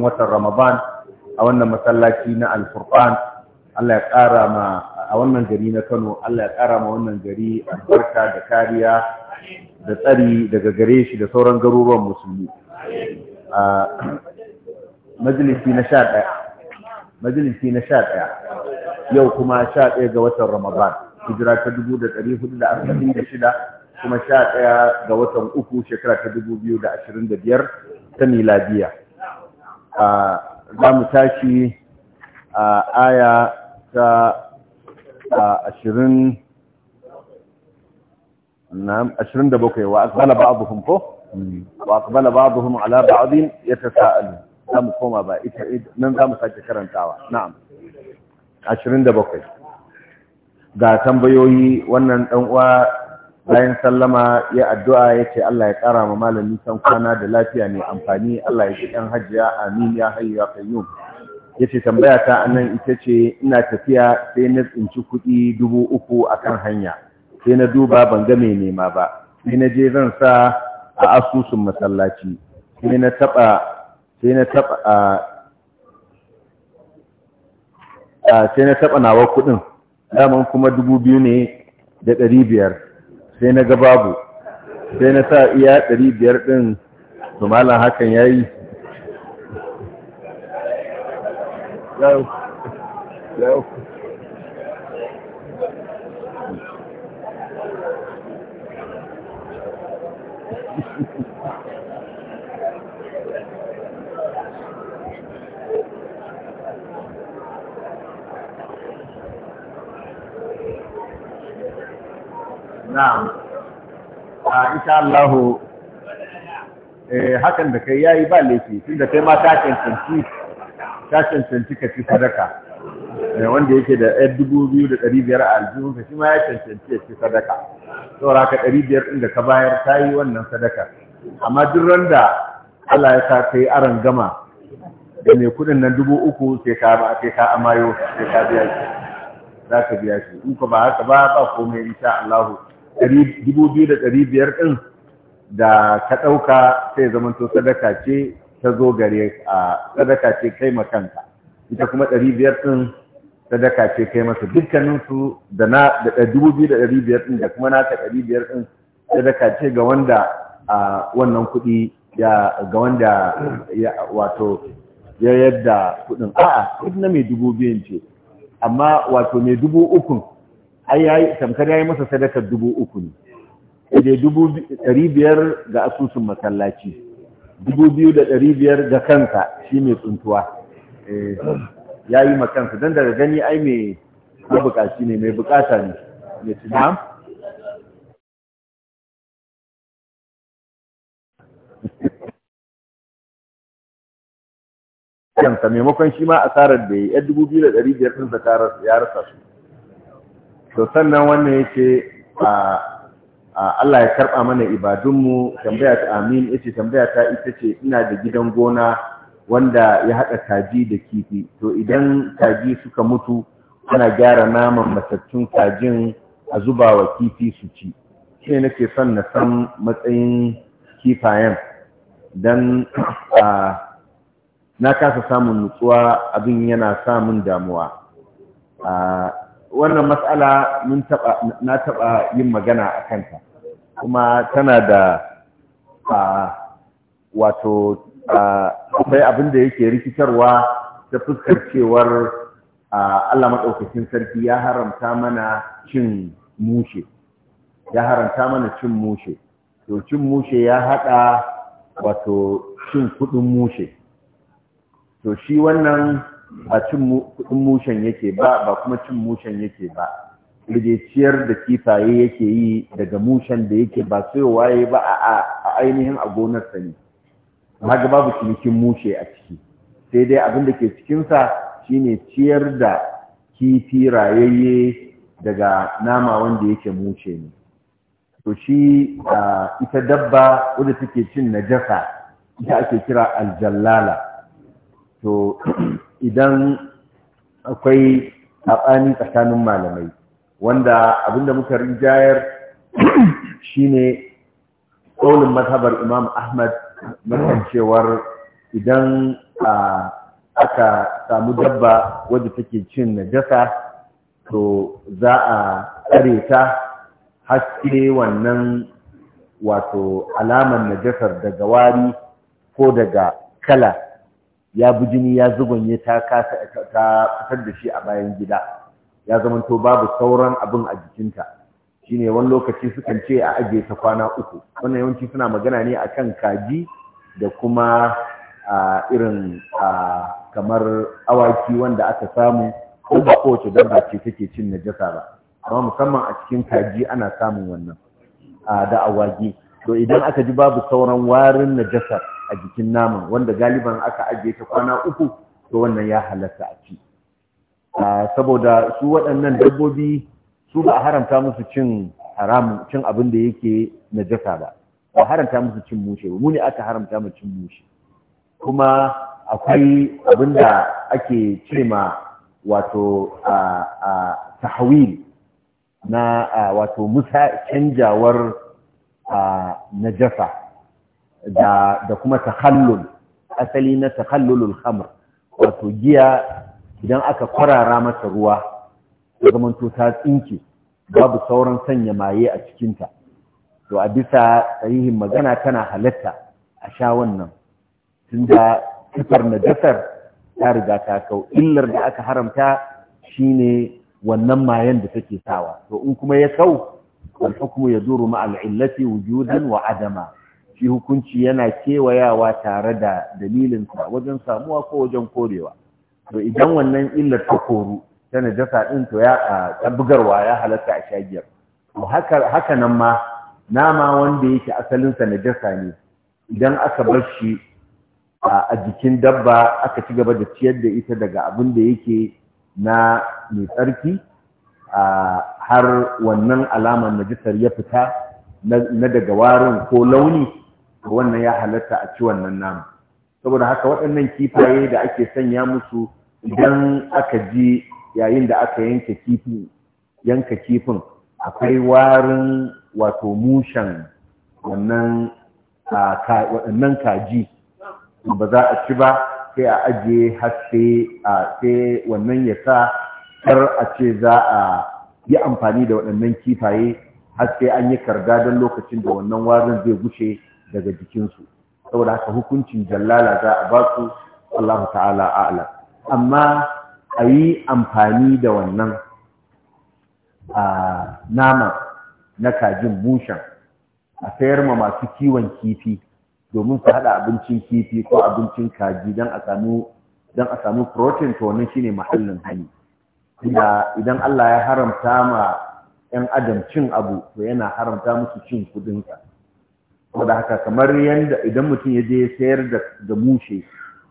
cikin watan Ramadan a wannan masallaci na al Allah ya ƙara ma a wannan gari na Kano Allah ya ƙara ma wannan gari albarka da kariya da tsari daga gare shi da sauran garuruwan musulmi a majalisi na 11 majalisi na 11 yau kuma sha ɗaya ga watan Ramadan hijira ta dubu da da da hudu shida, kuma sha ɗaya ga watan uku shekara ta dubu biyu da ashirin da biyar ta miladiya za mu tashi a aya ta ashirin ashirin da bakwai wa akbala ba'aduhum ko wa akbala ba'aduhum ala ba'adin ya ta sa'alu za mu koma ba ita nan za mu sake karantawa na'am ashirin da bakwai ga tambayoyi wannan dan uwa. bayan sallama ya addu'a ya ce Allah ya ƙara ma malami san kwana da lafiya mai amfani Allah ya ji ɗan hajiya amin ya hayu ya ya ce tambaya ta anan ita ce ina tafiya sai na tsinci kuɗi dubu uku a kan hanya sai na duba ban ga mai nema ba sai na je zan sa a asusun masallaci sai na taɓa sai na taɓa sai na taɓa nawa kuɗin daman kuma dubu biyu ne da ɗari biyar sai na ga babu sai na sa iya ɗari biyar ɗin su malam hakan ya yi yau yau na'am a insha Allah eh hakan da kai yayi ba laifi tunda kai ma ta cancanci ta cancanci ka ci sadaka eh, wanda yake da ɗaya dubu biyu da ɗari biyar a aljihun ka shi ma ya cancanci ya ci sadaka saboda ka ɗari biyar ɗin da ka bayar ta yi wannan sadaka amma duk randa Allah ya sa kai aran gama da mai kuɗin nan dubu uku sai ka ba sai ka amayo sai ka biya shi za ka biya shi in ba haka ba ba komai insha Allah biyar ɗin da ka ɗauka sai zamanto sadaka ce ta zo gare a sadaka ce kai makanta ita kuma biyar ɗin sadaka ce kai masa dukkaninsu da na da biyar ɗin da kuma naka biyar ɗin sadaka ce ga wanda a wannan kuɗi ya ga wanda ya wato ya yadda kuɗin a'a kuɗi na mai dubu biyun ce amma wato mai dubu ukun ai yayi tamkar yayi masa sadaka dubu uku ne da dubu ɗari biyar ga asusun masallaci dubu biyu da ɗari biyar ga kanka shi mai tsuntuwa eh, ya yi makansa don daga gani ai mai mabukaci ne mai bukata ne mai tunam kansa maimakon shi ma asarar da ya yi dubu ɗin zakarar ya rasa su to sannan wannan yake Allah ya karɓa mana ibadunmu tambaya ta amin yace tambaya ta ita ce ina da gidan gona wanda ya haɗa kaji da kifi to idan kaji suka mutu ana gyara naman matattun kajin a zuba wa kifi su ci shi nake son na san matsayin kifayen don na kasa samun nutsuwa abin yana samun damuwa wannan matsala na taɓa yin magana a kanta kuma tana da wato akwai abin da yake rikitarwa ta fuskar cewar Allah maɗaukacin sarki ya haramta mana cin mushe ya haramta mana cin mushe to cin mushe ya haɗa wato cin kuɗin mushe to shi wannan ba cin kuɗin mushen yake ba ba kuma cin mushen yake ba ciyar da kifaye yake yi daga mushen da yake ba sai waye ba a ainihin a gonar gonarsa ne ga babu cinikin mushe a ciki sai dai abin da ke cikinsa shine ciyar da kifi rayayye daga nama wanda yake mushe ne to shi ita dabba wadda take cin najasa ita ake kira aljallala to idan akwai saɓani tsakanin malamai wanda abinda muka shi shine ƙaunin mazhabar imam ahmad cewar idan aka samu dabba wadda take cin najasa to za a tsare ta haske wannan wato alamar najasar daga wari ko daga kala ya bi jini ya zubanye ta kasa ta fitar da shi a bayan gida ya zamanto babu sauran abin a jikinta shine wani lokaci sukan ce a ajiye ta kwana uku wannan yawanci suna magana ne akan kaji da kuma a irin kamar awaki wanda aka samu ko ba kowace dabba ce take cin najasa ba amma musamman a cikin kaji ana samun wannan da awaki to idan aka ji babu sauran warin najasar a jikin naman wanda galiban aka ajiye ta kwana uku to wannan ya halatta a ci saboda su waɗannan dabbobi su ba a haramta musu cin haramun cin abin da yake na jasa ba ba haramta musu cin mushe ba mu aka haramta mu cin mushe kuma akwai abin da ake ce ma wato a tahawil na wato musa canjawar najasa da da kuma takhallul asali na takhallulul khamr wato giya idan aka kwarara mata ruwa ya zamanto ta tsinke babu sauran sanya maye a cikinta to a bisa tsarihin magana tana halatta a sha wannan tunda sifar najasar ta riga ta kau illar da aka haramta shine wannan mayan da take sawa to in kuma ya kau alhukmu ya yaduru ma al illati wujudan wa adama shi hukunci yana kewayawa tare da dalilinsa wajen samuwa ko wajen korewa to idan wannan illar ta koru ta najasa ɗin to ya bugarwa ya halatta a shagiyar to haka nan ma nama wanda yake asalinsa najasa ne idan aka bar shi a jikin dabba aka ci gaba da ciyar da ita daga abin da yake na mai tsarki har wannan alamar najasar ya fita na daga warin ko launi wannan ya halatta a ci wannan nama saboda haka waɗannan kifaye da ake sanya musu idan aka ji yayin da aka yanke kifi yanka kifin akwai warin wato mushen wannan kaji ba za a ci ba sai a ajiye a sai wannan ya sa kar a ce za a yi amfani da waɗannan kifaye har sai an yi karga don lokacin da wannan warin zai gushe daga jikinsu saboda haka hukuncin jallala za a basu Allah ta'ala a'ala amma a yi amfani da wannan a nama na kajin mushan a sayar ma masu kiwon kifi domin su haɗa abincin kifi ko abincin kaji don a samu don a samu protein to wannan shine mahallin hali. inda idan Allah ya haramta ma 'yan adam cin abu to yana haramta musu cin kudinsa saboda haka kamar yadda idan mutum ya je sayar da da mushe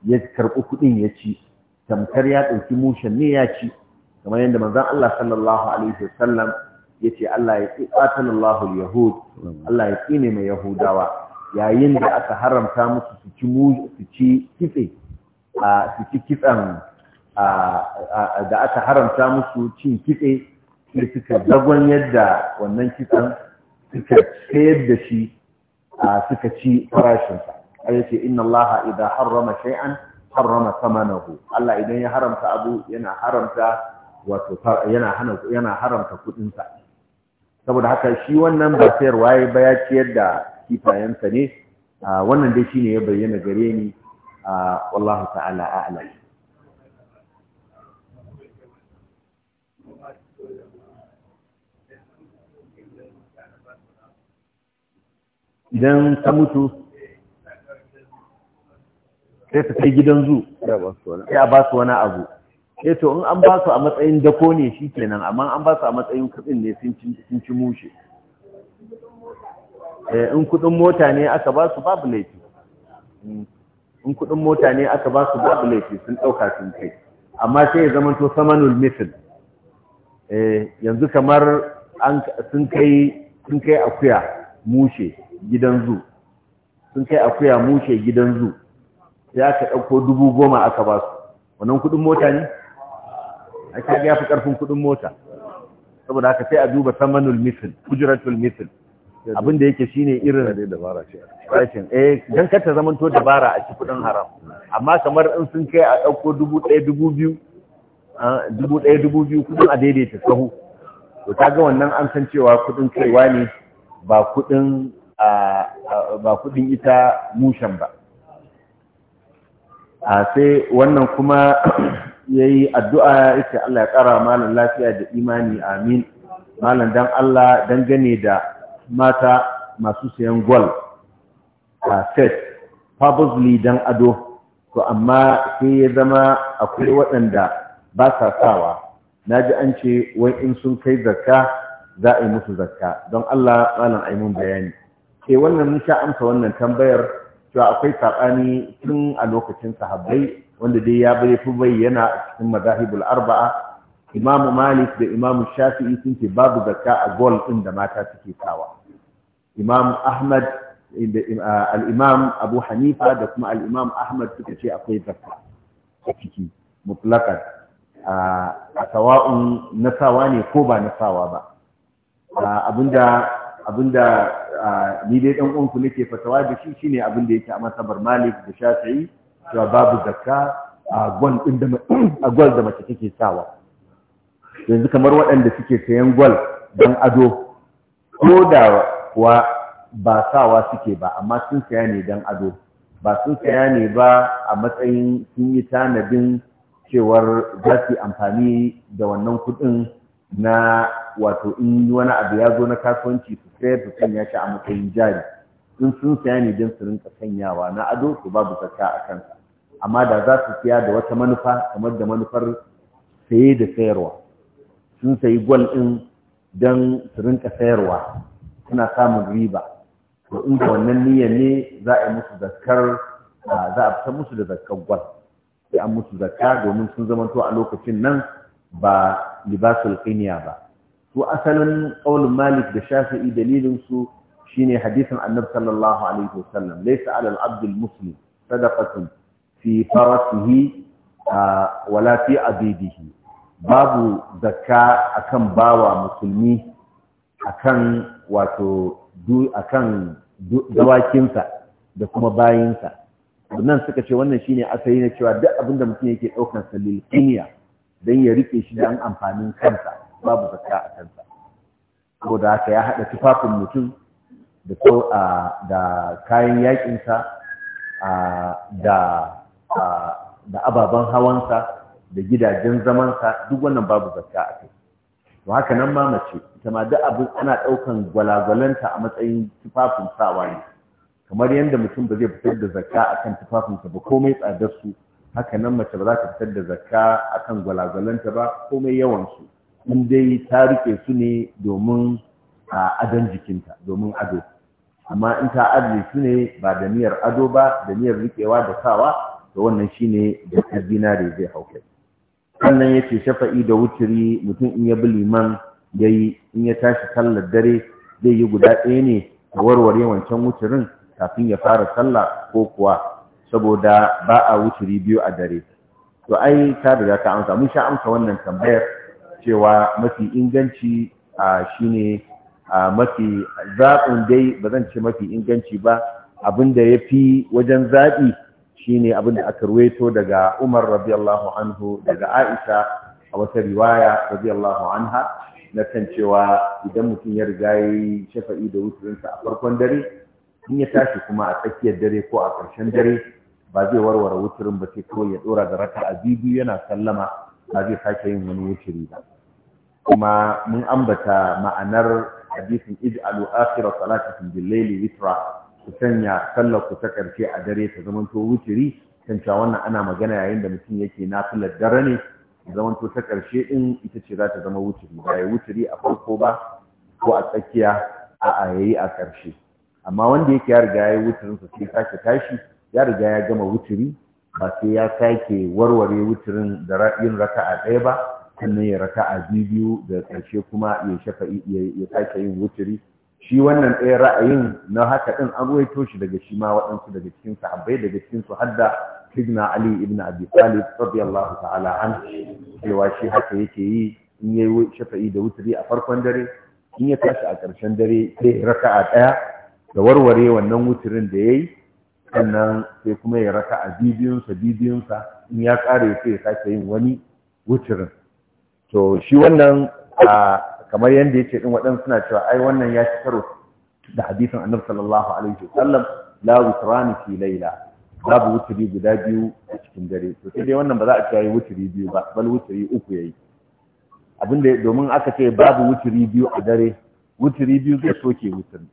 ya karɓi kuɗin ya ci tamkar ya ɗauki mushen ne ya ci kamar yanda manzon Allah sallallahu alaihi wasallam ce, Allah ya ƙi qatalallahu al-yahud Allah ya ƙine mai yahudawa yayin da aka haramta musu su ci su ci kitse a su ci kitsan da aka haramta musu cin kitse sai suka zagon yadda wannan kitsan suka sayar da shi suka ci farashinsa a yace inna allaha idan harrama shay'an harrama samanahu Allah idan ya haramta abu yana haramta wato kudinsa saboda haka shi wannan ba sayarwa ya ba ciyar da kifayensa ne wannan dai shi ne ya bayyana gare ni wallahu ta'ala a'lam idan ta mutu sai ta kai gidan zu sai a ba su wani abu sai eh to in an ba su a matsayin dako ne shi kenan amma an ba su a matsayin kudin ne sun ci mushe eh, in kudin mota ne aka ba su babu laifi in kudin mota ne aka ba su babu laifi sun ɗauka sun kai amma sai ya zama to samanul misil eh, yanzu kamar sun kai akuya mushe gidan zu sun kai akuya mushe gidan zu sai aka ɗauko dubu goma aka ba su wannan kuɗin mota ne a ya fi ƙarfin kuɗin mota saboda haka sai a duba samanul misil kujratul misil abin da yake shine irin rashin eh dan kar ta to dabara a cikin haram amma kamar in sun kai a dauko dubu 2000 dubu biyu kudin a daidaita sahu to kaga wannan an san cewa kudin kaiwa ne ba kudin ita mushen ba a sai wannan kuma yayi addu'a yake Allah ya kara malam lafiya da imani amin malam dan Allah dangane da mata masu sayan gwal a set purposely dan ado to amma sai ya zama akwai waɗanda ba sa sawa naji an ce wai in sun kai zakka za a yi musu zakka don Allah malam yi mun bayani ke wannan mun sha amsa wannan tambayar cewa akwai sabani tun a lokacin sahabbai wanda dai ya bai fi bayyana cikin mazahibul arba'a Imam Malik da Imam Shafi'i sun ce babu zakka a gol din da mata suke sawa Imam Ahmad al-Imam Abu Hanifa da kuma al-Imam Ahmad suka ce akwai zakka a ciki mutlaqan a sawa'un nasawa ne ko ba nasawa ba abinda abinda ni dai dan uwanku nake fatawa da shi shine abinda yake a masabar Malik da Shafi'i cewa babu zakka a gwal da a gwal da mace take sawa yanzu kamar waɗanda suke sayan gwal dan ado ko da kuwa ba sawa suke ba amma sun saya ne dan ado ba sun saya ne ba a matsayin sun yi tanadin cewar za su amfani da wannan kuɗin na wato in wani abu ya zo na kasuwanci su sayar da sanya shi a matsayin jari in sun saya ne don su rinka sanyawa na ado su babu zakka a kansa amma da za su siya da wata manufa kamar da manufar saye da sayarwa sun sayi gwal din don su rinka sayarwa suna samun riba to in da wannan niyyar ne za a yi musu zakkar za a fitar musu da zakkar gwal sai an musu zakka domin sun zamanto a lokacin nan ba libasul qinya ba to asalin qaulun malik da shafi'i dalilin su shine hadisin annabi sallallahu alaihi wasallam laysa ala al-abd al-muslim sadaqatun fi farasihi wala fi abidihi babu zakka akan bawa musulmi akan wato du akan dawakinsa da kuma bayinsa nan suka ce wannan shine asali na cewa duk abinda mutum yake daukar sa lil don ya riƙe shi don amfanin kansa babu zakka a kansa saboda haka ya haɗa tufafin mutum da kayan yaƙinsa da ababen hawansa da gidajen zamansa duk wannan babu zakka a kai to haka nan ma mace ita ma duk abin ana ɗaukan gwalagwalanta a matsayin tufafin sawa ne kamar yadda mutum ba zai fitar da zakka akan tufafinsa ba komai tsadar su haka nan mace ba za ta fitar da zakka akan gwalagwalanta ba komai yawan su. in dai ta rike su ne domin a adon jikinta domin ado amma in ta adle su ne ba da niyyar ado ba da niyyar rikewa da sawa to wannan shine da zinare zai hauke sannan yace shafa'i da wuturi mutum in ya bi liman yayi in ya tashi sallar dare zai yi guda ɗaya ne a warware wancan wuturin kafin ya fara sallah ko kuwa saboda ba a wuturi biyu a dare to ai ta riga ta amsa mun sha amsa wannan tambayar cewa mafi inganci shine mafi zaɓin dai ba zan ce mafi inganci ba abinda ya fi wajen zaɓi shine da aka ruweto daga umar radiyallahu anhu daga aisha a wata riwaya radiyallahu anha na kan cewa idan mutum ya riga ya yi shafa'i da wuturinsa a farkon dare in ya tashi kuma a tsakiyar dare ko a ƙarshen dare ba zai warware wuturin ba sai kawai ya dora da raka a biyu yana sallama ba zai sake yin wani wuturi ba kuma mun ambata ma'anar hadisin ij'alu akhira salatikum bil-layli witra ku sanya sallar ku ta karshe a dare ta zaman to wuturi kan wannan ana magana yayin da mutum yake nafilar dare ne zaman to ta karshe din ita ce za ta zama wuturi ba ya wuturi a farko ba ko a tsakiya a a yayi a karshe amma wanda yake ya riga ya yi wuturin sa sai sake tashi ya riga ya gama wuturi ba sai ya sake warware wuturin da yin raka'a ɗaya ba sannan ya raka'a biyu biyu da ƙarshe kuma ya shafa ya sake yin wuturi shi wannan ɗaya ra'ayin na haka ɗin an ruwaito shi daga shi ma waɗansu daga cikin sahabbai daga cikin su hadda sidna ali ibn abi talib radiyallahu ta'ala an cewa shi haka yake yi in yayi shafa'i da wuturi a farkon dare in ya tashi a ƙarshen dare sai raka'a ɗaya da warware wannan wuturin da yayi sannan sai kuma ya raka a bibiyunsa bibiyunsa in ya ƙare sai ya sake yin wani wucirin to shi wannan kamar yadda ya ce ɗin waɗansu suna cewa ai wannan ya ci karo da hadisin annabi sallallahu alaihi sallam la wutrani fi laila babu wuturi guda biyu a cikin dare to sai dai wannan ba za a ce yayi wuturi biyu ba bal wuturi uku yayi abin da domin aka ce babu wuturi biyu a dare wuturi biyu zai soke wuturi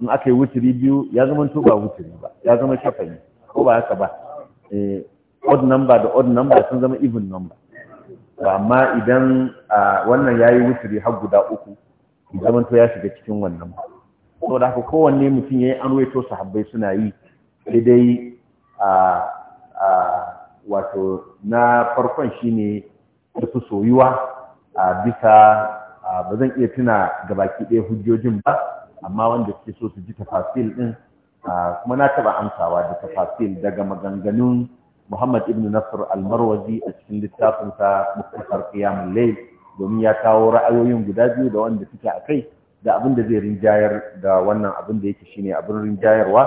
in aka yi wuturi biyu ya zama to ba wuturi ba ya zama shafa'i ko ba haka ba eh, odd number da odd number sun zama even number ba amma idan wannan ya yi wuturi har guda uku zaman to ya shiga cikin wannan ba saboda haka kowanne mutum ya yi an waito sahabbai suna yi sai dai wato na farkon shine ya fi soyuwa a bisa ba zan iya tuna gabaki ɗaya hujjojin ba amma wanda suke so su ji tafasil din kuma na taba amsawa da tafasil daga maganganun Muhammad ibn Nasr al-Marwazi a cikin littafin sa Muktasar Qiyamul Layl domin ya kawo ra'ayoyin guda biyu da wanda suke akai da abin da zai rinjayar da wannan abin da yake shine abin rinjayarwa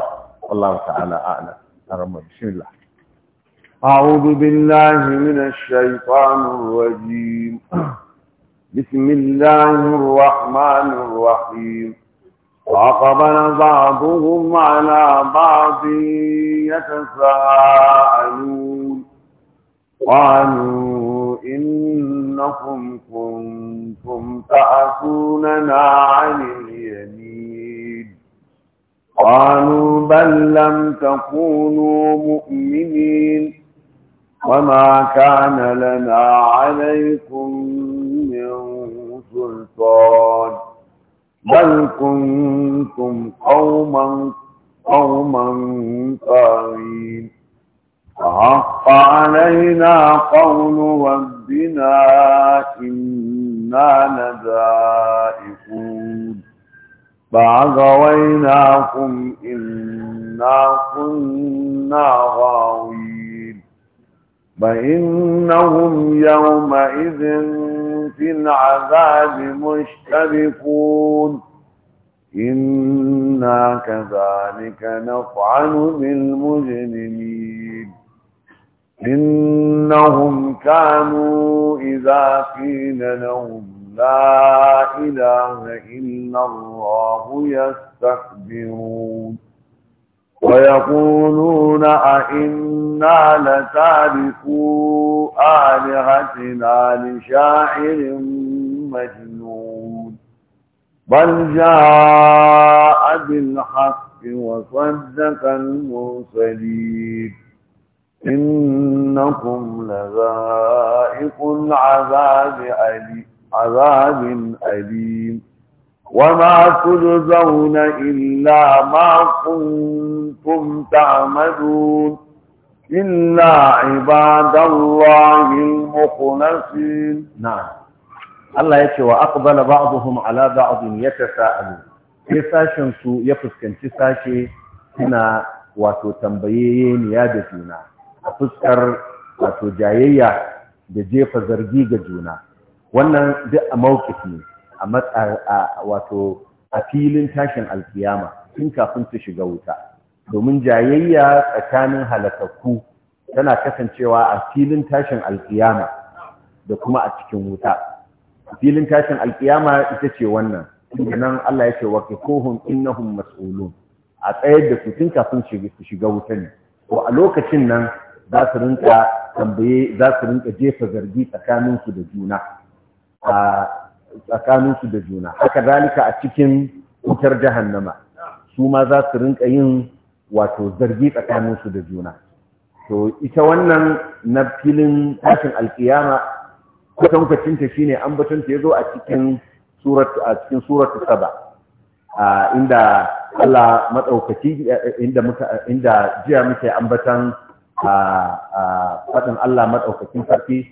wallahu ta'ala a'lam arama bismillah بالله من الشيطان الرجيم بسم الله الرحمن الرحيم وأقبل بعضهم على بعض يتساءلون قالوا إنكم كنتم تأتوننا عن اليمين قالوا بل لم تكونوا مؤمنين وما كان لنا عليكم من سلطان بل كنتم قوما قوما طاغين فحق علينا قول ربنا إنا لذائقون فعغويناكم إنا كنا غاوين فإنهم يومئذ في العذاب مشتركون إنا كذلك نفعل بالمجرمين إنهم كانوا إذا قيل لهم لا إله إلا الله يستكبرون ويقولون أئنا لتاركوا آلهتنا لشاعر مجنون بل جاء بالحق وصدق المرسلين إنكم لذائق العذاب أليم عذاب أليم وما تجزون إلا ما كنتم تعملون إلا عباد الله المخلصين نعم الله يتي وأقبل بعضهم على بعض يتساءلون sai sashen su ya fuskanci sashe suna wato tambaye niya da juna a fuskar wato jayayya da jefa zargi ga juna wannan duk a mawkifi ne a wato a filin tashin alkiyama tun kafin su shiga wuta domin jayayya tsakanin halakakku tana kasancewa a filin tashin alkiyama da kuma a cikin wuta filin tashin alkiyama ita ce wannan nan Allah ya ce wa kifuhum innahum mas'ulun a tsayar da su tun kafin su shiga wuta ne Ko a lokacin nan za su rinka tambaye za su rinka jefa zargi tsakanin su da juna a tsakaninsu da juna haka zalika a cikin wutar jahannama su ma za su rinka yin wato zargi tsakaninsu da juna to ita wannan na filin tashin alkiyama kwatankwacinta shine ambatonta ya zo a cikin suratu saba inda Allah maɗaukaki inda jiya muke ambatan faɗin Allah matsaukacin sarki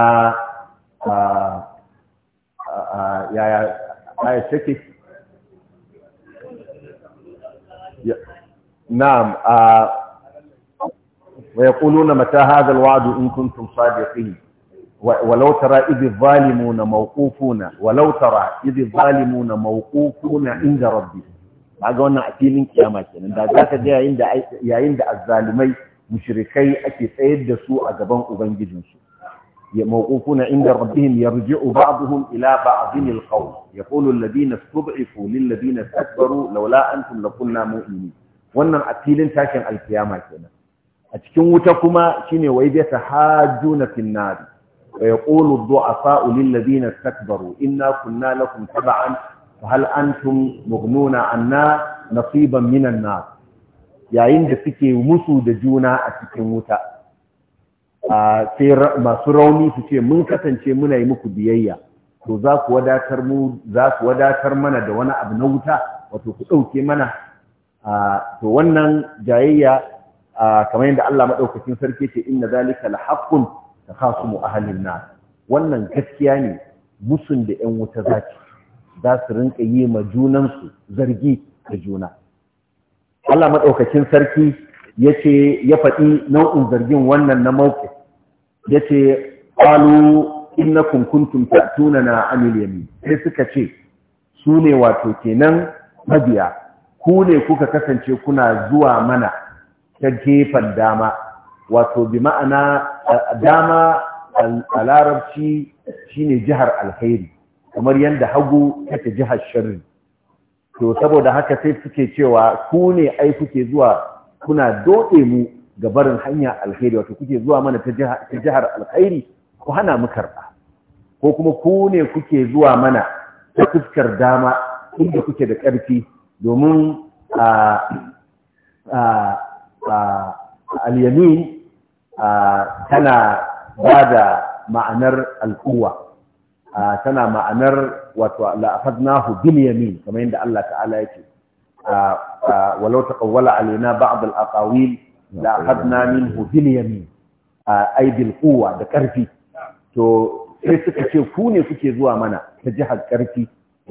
na آية نعم آه، ويقولون متى هذا الوعد ان كنتم صادقين ولو ترى اذ الظالمون موقوفون ولو ترى اذ الظالمون موقوفون عند ربهم ما قلنا اكيد انك يا ماكن ان ذاك جاء عند يا عند الظالمين مشركي اكيد سيد سوء جبان اوبنجيزن موقوفون عند ربهم يرجع بعضهم إلى بعض القول يقول الذين استضعفوا للذين استكبروا لولا أنتم لكنا مؤمنين wannan a filin tashin alkiyama kenan a cikin wuta kuma shine wai da tahajjuna fin nar wa yaqulu du'afa'u lil ladina istakbaru inna kunna lakum tab'an fa hal antum mughnuna anna nasiban minan nar yayin da suke musu da juna a cikin wuta sai masu rauni su ce mun kasance muna yi muku biyayya to za ku wadatar mu za ku wadatar mana da wani abu na wuta wato ku ɗauke mana to wannan jayayya kamar yadda Allah maɗaukacin sarki ce inna zalika la takhasumu ahlin nar wannan gaskiya ne musun da 'yan wuta zaki za su rinka yi ma junansu zargi da juna Allah maɗaukacin sarki ya ce ya faɗi nau'in zargin wannan na mawqif yace qalu innakum kuntum ta'tunana anil yamin sai suka ce su ne wato kenan mabiya ku ne kuka kasance kuna zuwa mana ta gefen dama wato bi ma'ana dama a larabci shine jihar alkhairi kamar yadda hagu take jihar shirin. to saboda haka sai suke cewa ku ne ai kuke zuwa kuna doɗe mu ga barin hanya alkhairi wato kuke zuwa mana ta jihar alkhairi ku hana mu karɓa ko kuma ku ne kuke zuwa mana ta fuskar dama inda kuke da ƙarfi domin al a tana ba da ma'anar a tana ma'anar wato la'afaznahu bil yamin kamar yadda Allah ta'ala yake walau taqawwala alaina ba'd al-aqawil la akhadna min bil yami a bil quwwa da karfi to sai suka ce ku ne kuke zuwa mana ta jihar ƙarfi.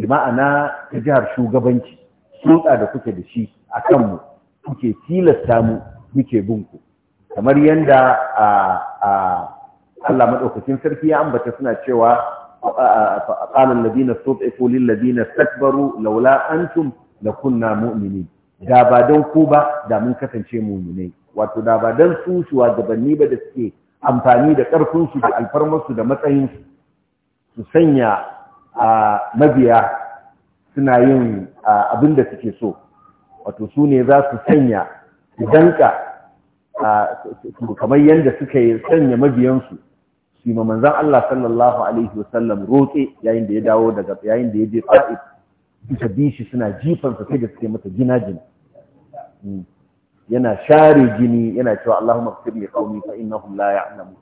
ma'ana ta jihar shugabanci tsotsa da kuke da shi a kanmu kuke tilasta mu muke bin ku kamar yanda Allah madaukakin sarki ya ambata suna cewa qala alladhina stud'ifu lil ladina istakbaru laula antum kunna mu'minin da ba don ku ba da mun kasance mu'minai wato da ba dan su shugabanni ba da suke amfani da ƙarfinsu da alfarmarsu da matsayinsu su sanya a mabiya suna yin abin da suke so wato su ne za su sanya su danka kamar yadda suka yi sanya mabiyansu su yi manzan Allah sallallahu Alaihi wasallam roƙe yayin da ya dawo daga yayin da ya je fa'id suka bi shi suna jifansa sai da suke mata jina-jina hmm. yana share jini yana cewa Allahumma kafir li qaumi fa innahum la ya'lamun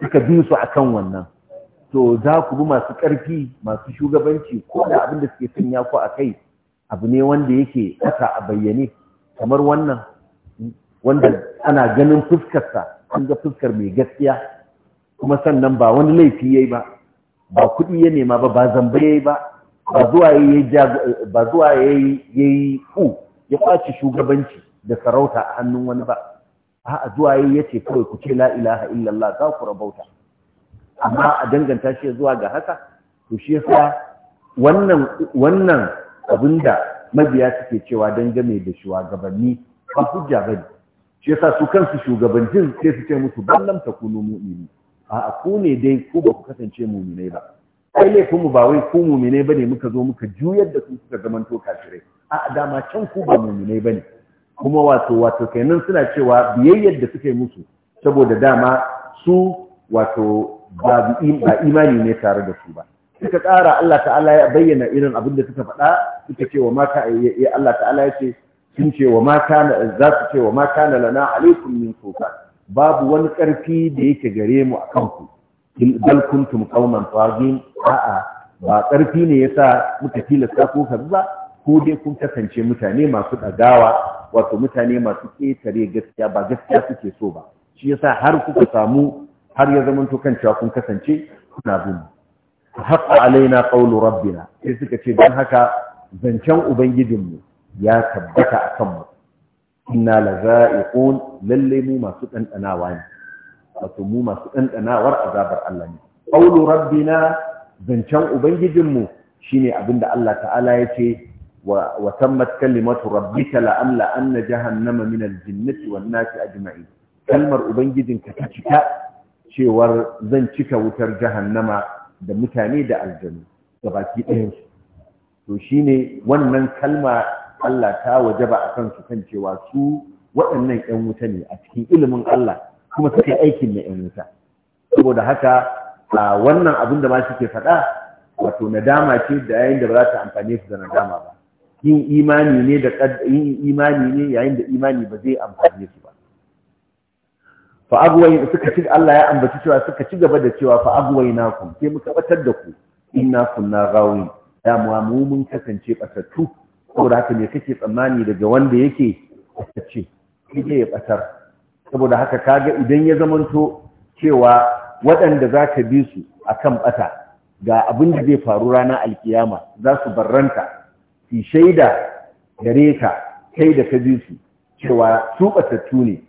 kika bi su akan wannan to za ku bi masu karfi masu shugabanci ko da abin da suke sanya ku a kai abu ne wanda yake aka a bayyane kamar wannan wanda ana ganin fuskarsa an ga fuskar mai gaskiya kuma sannan ba wani laifi yayi ba ba kuɗi ya nema ba ba zamba yayi ba ba zuwa yayi ba zuwa yayi yayi ku ya kwaci shugabanci da sarauta a hannun wani ba a zuwa yi ya ce kawai ku ce la ilaha illallah za ku rabauta amma a danganta shi zuwa ga haka to shi yasa wannan abin abinda mabiya suke cewa don game da shugabanni ba hujja bane shi yasa su kansu shugabannin sai su ce musu ballam takunu mu'mini a ku ne dai ku ba ku kasance mu'minai ba kai laifin mu ba wai ku mu'minai bane muka zo muka juyar da su suka zamanto kafirai a dama can ku ba mu'minai bane kuma wato wato kenan suna cewa biyayyar da suka yi musu saboda dama su wato ba imani ne tare da su ba suka kara Allah ta'ala ya bayyana irin abin da suka faɗa suka ce wa mata ya Allah ta'ala ya ce sun ce wa mata za su ce wa mata na lana alaikum min sofa babu wani ƙarfi da yake gare mu a kanku bal kuntum qauman taghin a'a ba ƙarfi ne yasa muka tilasta ku ka ba ko dai kun kasance mutane masu ɗagawa wato mutane masu ƙetare gaskiya ba gaskiya suke so ba shi yasa har kuka samu har ya zama to kan cewa kun kasance kuna bin haqqa alaina qawlu rabbina sai suka ce dan haka zancen ubangijinmu ya tabbata akan mu inna laza'iqun lalle mu masu dandanawa ne wato mu masu dandanawar azabar Allah ne qawlu rabbina zancen ubangijinmu shine abinda Allah ta'ala ya ce wa tammat kalimatu rabbika la amla anna jahannama min al-jinnati wan a jima'i. kalmar ubangijin ka ta cika cewar zan cika wutar nama da mutane da aljanu gabaki ɗayan su to shine wannan kalma Allah ta waje ba a kansu kan cewa su waɗannan 'yan wuta ne a cikin ilimin Allah kuma suka yi aikin na 'yan wuta saboda haka a wannan abin da ma suke faɗa wato nadama ce da yayin da ba ta amfane su da nadama ba yin imani ne da yin imani ne yayin da imani ba zai amfane su ba fa agwai suka ci Allah ya ambaci cewa suka ci gaba da cewa fa agwaynakum sai muka batar da ku inna kunna gawin Ya mu mun kasance batattu saboda haka ne kake tsammani daga wanda yake shi zai ya batar saboda haka kaga idan ya zamanto cewa waɗanda za ka bi su akan bata ga abin da zai faru ranar alkiyama za su barranta shaida gare ka kai da ka ji su cewa su ɓatattu ne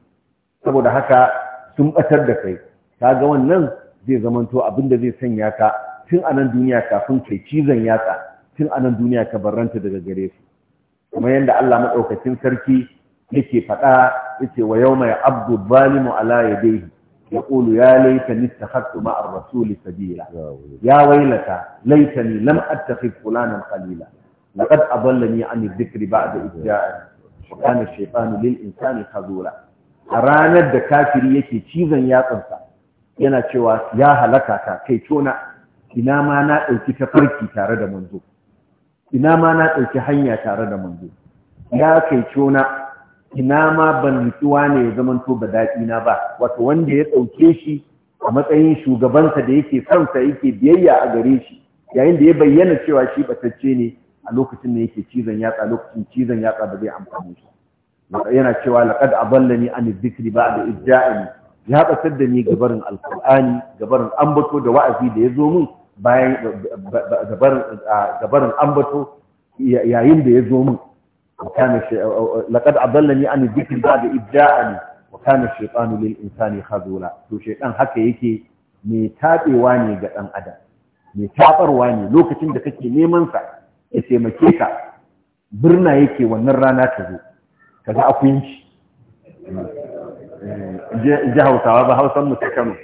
saboda haka sun ɓatar da kai ta ga wannan zai zamanto abin da zai sanya ka tun anan nan duniya kafin kai cizon yatsa tun anan duniya ka barranta daga gare su kuma yadda Allah maɗaukacin sarki yake faɗa yake wa yau mai abdu zalimu ala ya ya laita يا ليتني ma'ar rasuli ya ya wailata laita ni لم اتخذ fulanin خليلا laqad aballani an dhikri ba'da idja'a wa kana shaytanu lil insani hazura a ranar da kafiri yake cizon yatsansa yana cewa ya halaka ka kai tona ina ma na ɗauki tafarki tare da manzo ina ma na ɗauki hanya tare da manzo ya kai cona ina ma ban nutsuwa ne ya zamanto ba daɗi na ba wato wanda ya ɗauke shi a matsayin shugabansa da yake sansa yake biyayya a gare shi yayin da ya bayyana cewa shi batacce ne a lokacin da yake cizon yatsa lokacin cizon yatsa ba zai amfani shi yana cewa laqad aballani an dhikri ba'da idda'ani ya batar da ni gabarin alqur'ani gabarin ambato da wa'azi da yazo mun bayan gabarin gabarin ambato yayin da yazo mun kana laqad aballani an dhikri ba'da idda'ani wa kana shaytanu lil insani khazula to shaytan haka yake mai tabewa ne ga dan adam mai tabarwa ne lokacin da kake neman sa ya taimake ka birna yake wannan rana ta zo ka ga akuyanci eh, ji hausawa ba hausan mu kano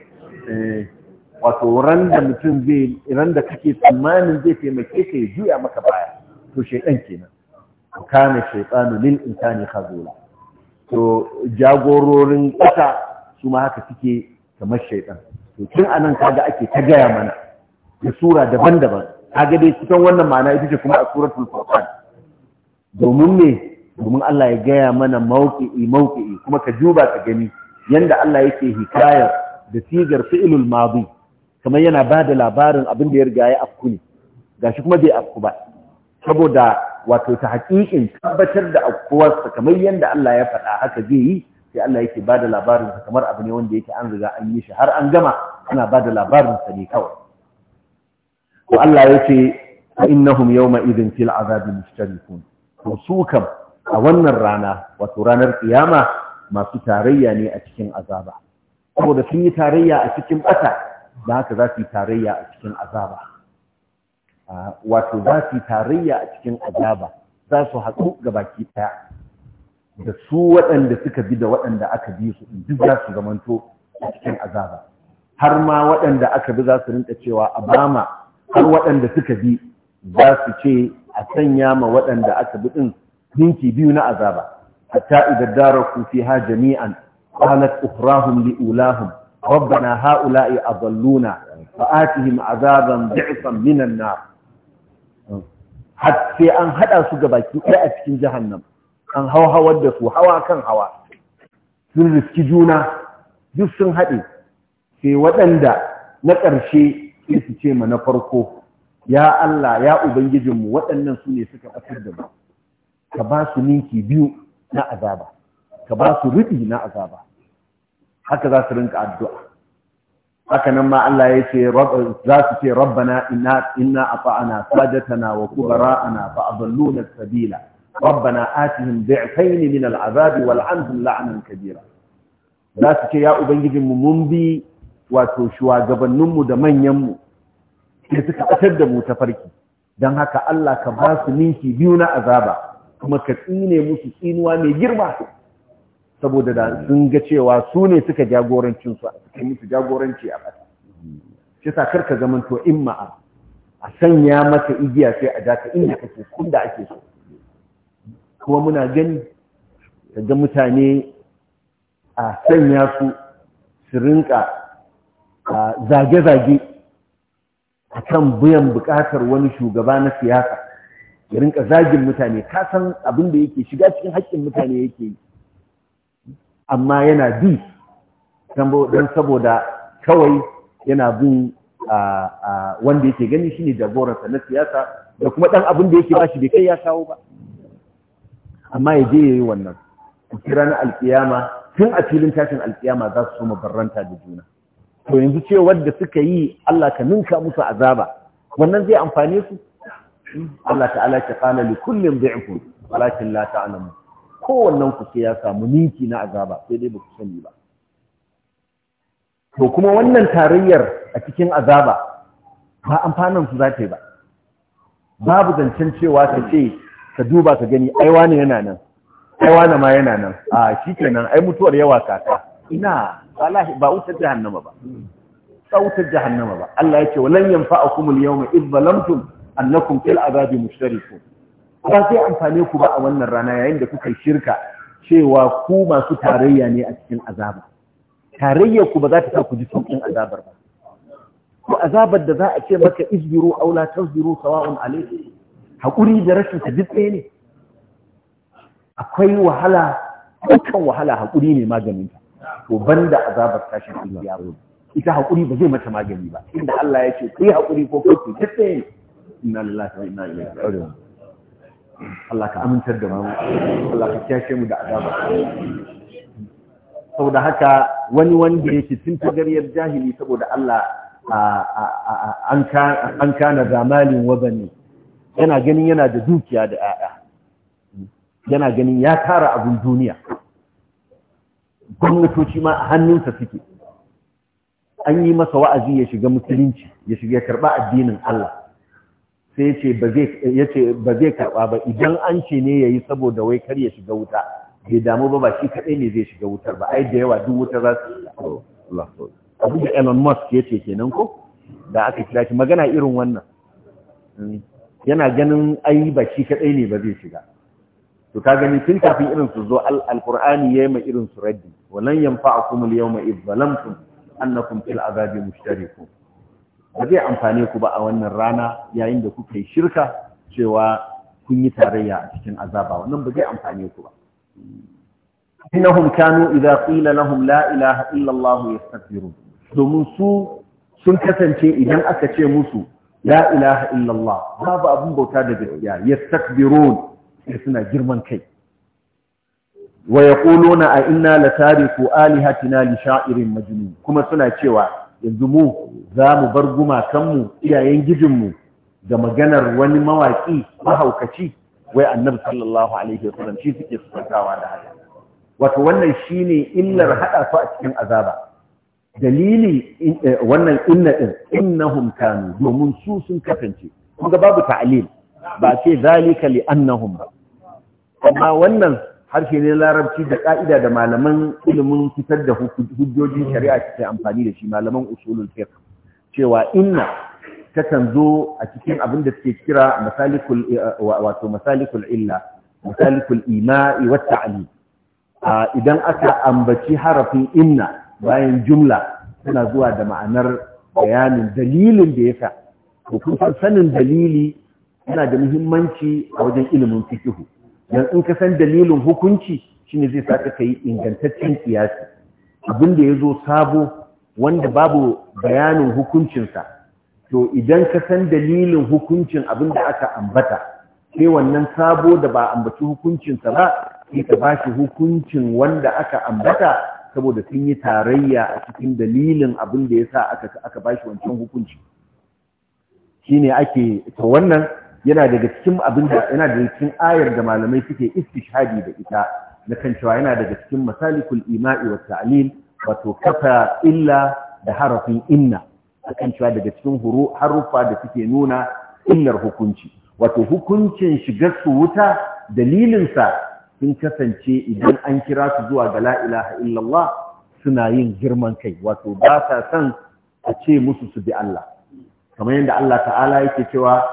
eh, wato ran da mutum zai ran da kake tsammanin zai taimake ka ya juya maka baya to shaidan kenan kana shaitanu lil insani khazula to jagororin kasa su ma haka suke kamar shaidan to tun anan kaga ake ta gaya mana da sura daban-daban Agade dai cikin wannan ma'ana ita ce kuma a suratul furqan domin me domin Allah ya gaya mana mawqi'i mawqi'i kuma ka juba ka gani yanda Allah yake hikayar da sigar fi'ilul madi kamar yana ba da labarin abin da ya riga ya afku ne gashi kuma bai afku ba saboda wato ta hakikin tabbatar da afkuwarsa kamar yanda Allah ya faɗa haka zai yi sai Allah yake ba da labarin kamar abu ne wanda yake an riga an yi shi har an gama ana ba da labarin sa ne kawai to Allah ya ce innahum yawma idin fil azabi mushtarikun to su kam a wannan rana wato ranar kiyama masu tarayya ne a cikin azaba saboda sun yi tarayya a cikin bata da haka za su yi tarayya a cikin azaba wato za su yi tarayya a cikin azaba za su haɗu ga baki ɗaya da su waɗanda suka bi da waɗanda aka bi su duk za su zamanto a cikin azaba har ma waɗanda aka bi za su rinka cewa a bama har waɗanda suka bi za su ce a sanya ma waɗanda aka bi ɗin ninki biyu na azaba hatta idan daraku ha jami'an qalat ukhrahum liulahum rabbana haula'i adalluna 'atihim azaban bi'san minan nar har sai an haɗa su ga baki ɗaya a cikin jahannam an hau hawar da su hawa kan hawa sun riski juna duk sun haɗe sai waɗanda na ƙarshe sai su ce ma na farko ya Allah ya ubangijinmu waɗannan su ne suka ɓatar da mu ka ba su ninki biyu na azaba ka ba su rubi na azaba haka za su rinka addu'a haka nan ma Allah ya ce za su ce rabbana inna inna ata'ana sadatana wa kubara'ana fa adalluna sabila rabbana atihim bi'tayn min al'azab wal'anhum la'nan kabira za su ce ya ubangijin mu mun bi wato shugabanninmu da manyanmu da suka ɓatar da mu ta farki don haka Allah ka ba su ninki biyu na azaba kuma ka tsine musu tsinuwa mai girma saboda da sun ga cewa su ne suka jagorancin su suka musu jagoranci a ƙasa shi sa karka zaman to in ma'a a sanya maka igiya sai a daka inda kake kun da ake so kuma muna gani ga mutane a sanya su su rinka zage-zage a kan biyan bukatar wani shugaba na siyasa ya rinka zagin mutane kasan abin da yake shiga cikin haƙƙin mutane yake yi amma yana bi don saboda kawai yana bin wanda yake gani shine jagoransa na siyasa da kuma ɗan abin da yake bashi bai kai ya kawo ba amma ya je ya yi wannan kira na alkiyama tun a filin tashin alkiyama za su so mabarranta da juna to yanzu ce wadda suka yi Allah ka ninka musu azaba wannan zai amfane su Allah ta'ala ta kana li kullin bi'fu walakin la ta'lamu wannan ku ya samu ninki na azaba sai dai baku sani ba to kuma wannan tarayyar a cikin azaba ba amfanan su zata yi ba babu zancen cewa ka ce ka duba ka gani ai wani yana nan ai wani ma yana nan a shikenan ai mutuwar yawa kaka ina wallahi ba wutar jahannama ba sautar jahannama ba Allah yake walan yanfa'akum al-yawma idh zalamtum annakum fil azabi mushtarikun ba sai amfane ku ba a wannan rana yayin da kuka shirka cewa ku masu tarayya ne a cikin azaba tarayyar ku ba za ta sa ku ji sauƙin azabar ba ko azabar da za a ce maka izbiru aw la tasbiru sawa'un alaykum hakuri da rashin ta duk ne akwai wahala dukkan wahala hakuri ne maganin ta to banda azabar tashin alkiyama ita haƙuri ba zai mata magani ba inda Allah ya ce ku yi haƙuri ko kai ku inna lillahi wa inna ilaihi raji'un Allah ka amintar da mu Allah ka kiyashe mu da azaba saboda haka wani wanda yake tun tagariyar jahili saboda Allah an kana zamalin wazani yana ganin yana da dukiya da 'ya'ya yana ganin ya tara abin duniya gwamnatoci ma a hannunsa suke an yi masa wa'azi ya shiga musulunci ya shiga karɓa addinin Allah sai ya ce ba zai karɓa ba idan an ce ne ya yi saboda wai kar ya shiga wuta bai damu ba ba shi kaɗai ne zai shiga wutar ba ai da yawa duk wuta za su yi oh, abu da Elon Musk ya ce kenan ko da aka kira shi magana irin wannan hmm. yana ganin ai ba shi kaɗai ne ba zai shiga to ka gani tun kafin irin su zo alqur'ani yayi ma irin su raddi walan yanfa'akum al-yawma idh zalamtum annakum fil azabi mushtarikun ba zai amfane ku ba a wannan rana yayin da kuka yi shirka cewa kun yi tarayya a cikin azaba wannan ba zai amfane ku ba innahum kanu idza qila lahum la ilaha illa allah yastakbirun domin su sun kasance idan aka ce musu la ilaha illallah babu abin bauta da gaskiya yastakbirun sai suna girman kai wa yaquluna a inna la ko alihatina li sha'irin majini? kuma suna cewa yanzu mu za mu bar gumakanmu iyayen gijinmu da maganar wani mawaƙi mahaukaci wai annabi sallallahu alaihi sallam shi suke sukantawa da haka wato wannan shine illar hada su a cikin azaba dalili eh, wannan inna din innahum kanu domin su sun kasance kuma babu ta'lil ba ce zalika li annahum ba amma wannan harshe ne larabci da ka'ida da malaman ilimin fitar da hujjojin shari'a suke amfani da shi malaman usulul fiqh cewa inna takan zo a cikin abin da suke kira masalikul eh, wato masalikul illa masalikul ima'i wa ta'lim idan aka ambaci harafin inna bayan jumla suna zuwa da ma'anar bayanin dalilin da yasa to kun sanin dalili yana da muhimmanci a wajen ilimin fikihu Yanzu in ka san dalilin hukunci shine zai saka kai ingantaccen kiyasi abin da yazo sabo wanda babu bayanin hukuncinsa to idan ka san dalilin hukuncin abin da aka ambata sai wannan sabo da ba ambaci hukuncinsa ba sai ka shi hukuncin wanda aka ambata saboda sun yi tarayya a cikin dalilin abin da ya sa aka ba shi wancan hukunci shine ake ta wannan yana daga cikin abin da yana daga cikin ayar da malamai suke istishhadi da ita na kan cewa yana daga cikin masalikul ima'i wa ta'lil wato kafa illa da harafin inna kan cewa daga cikin haruffa da suke nuna illar hukunci wato hukuncin shigar su wuta dalilinsa sun kasance idan an kira su zuwa ga la ilaha illallah suna yin girman kai wato ba sa son a ce musu su bi Allah kamar yadda Allah ta'ala yake cewa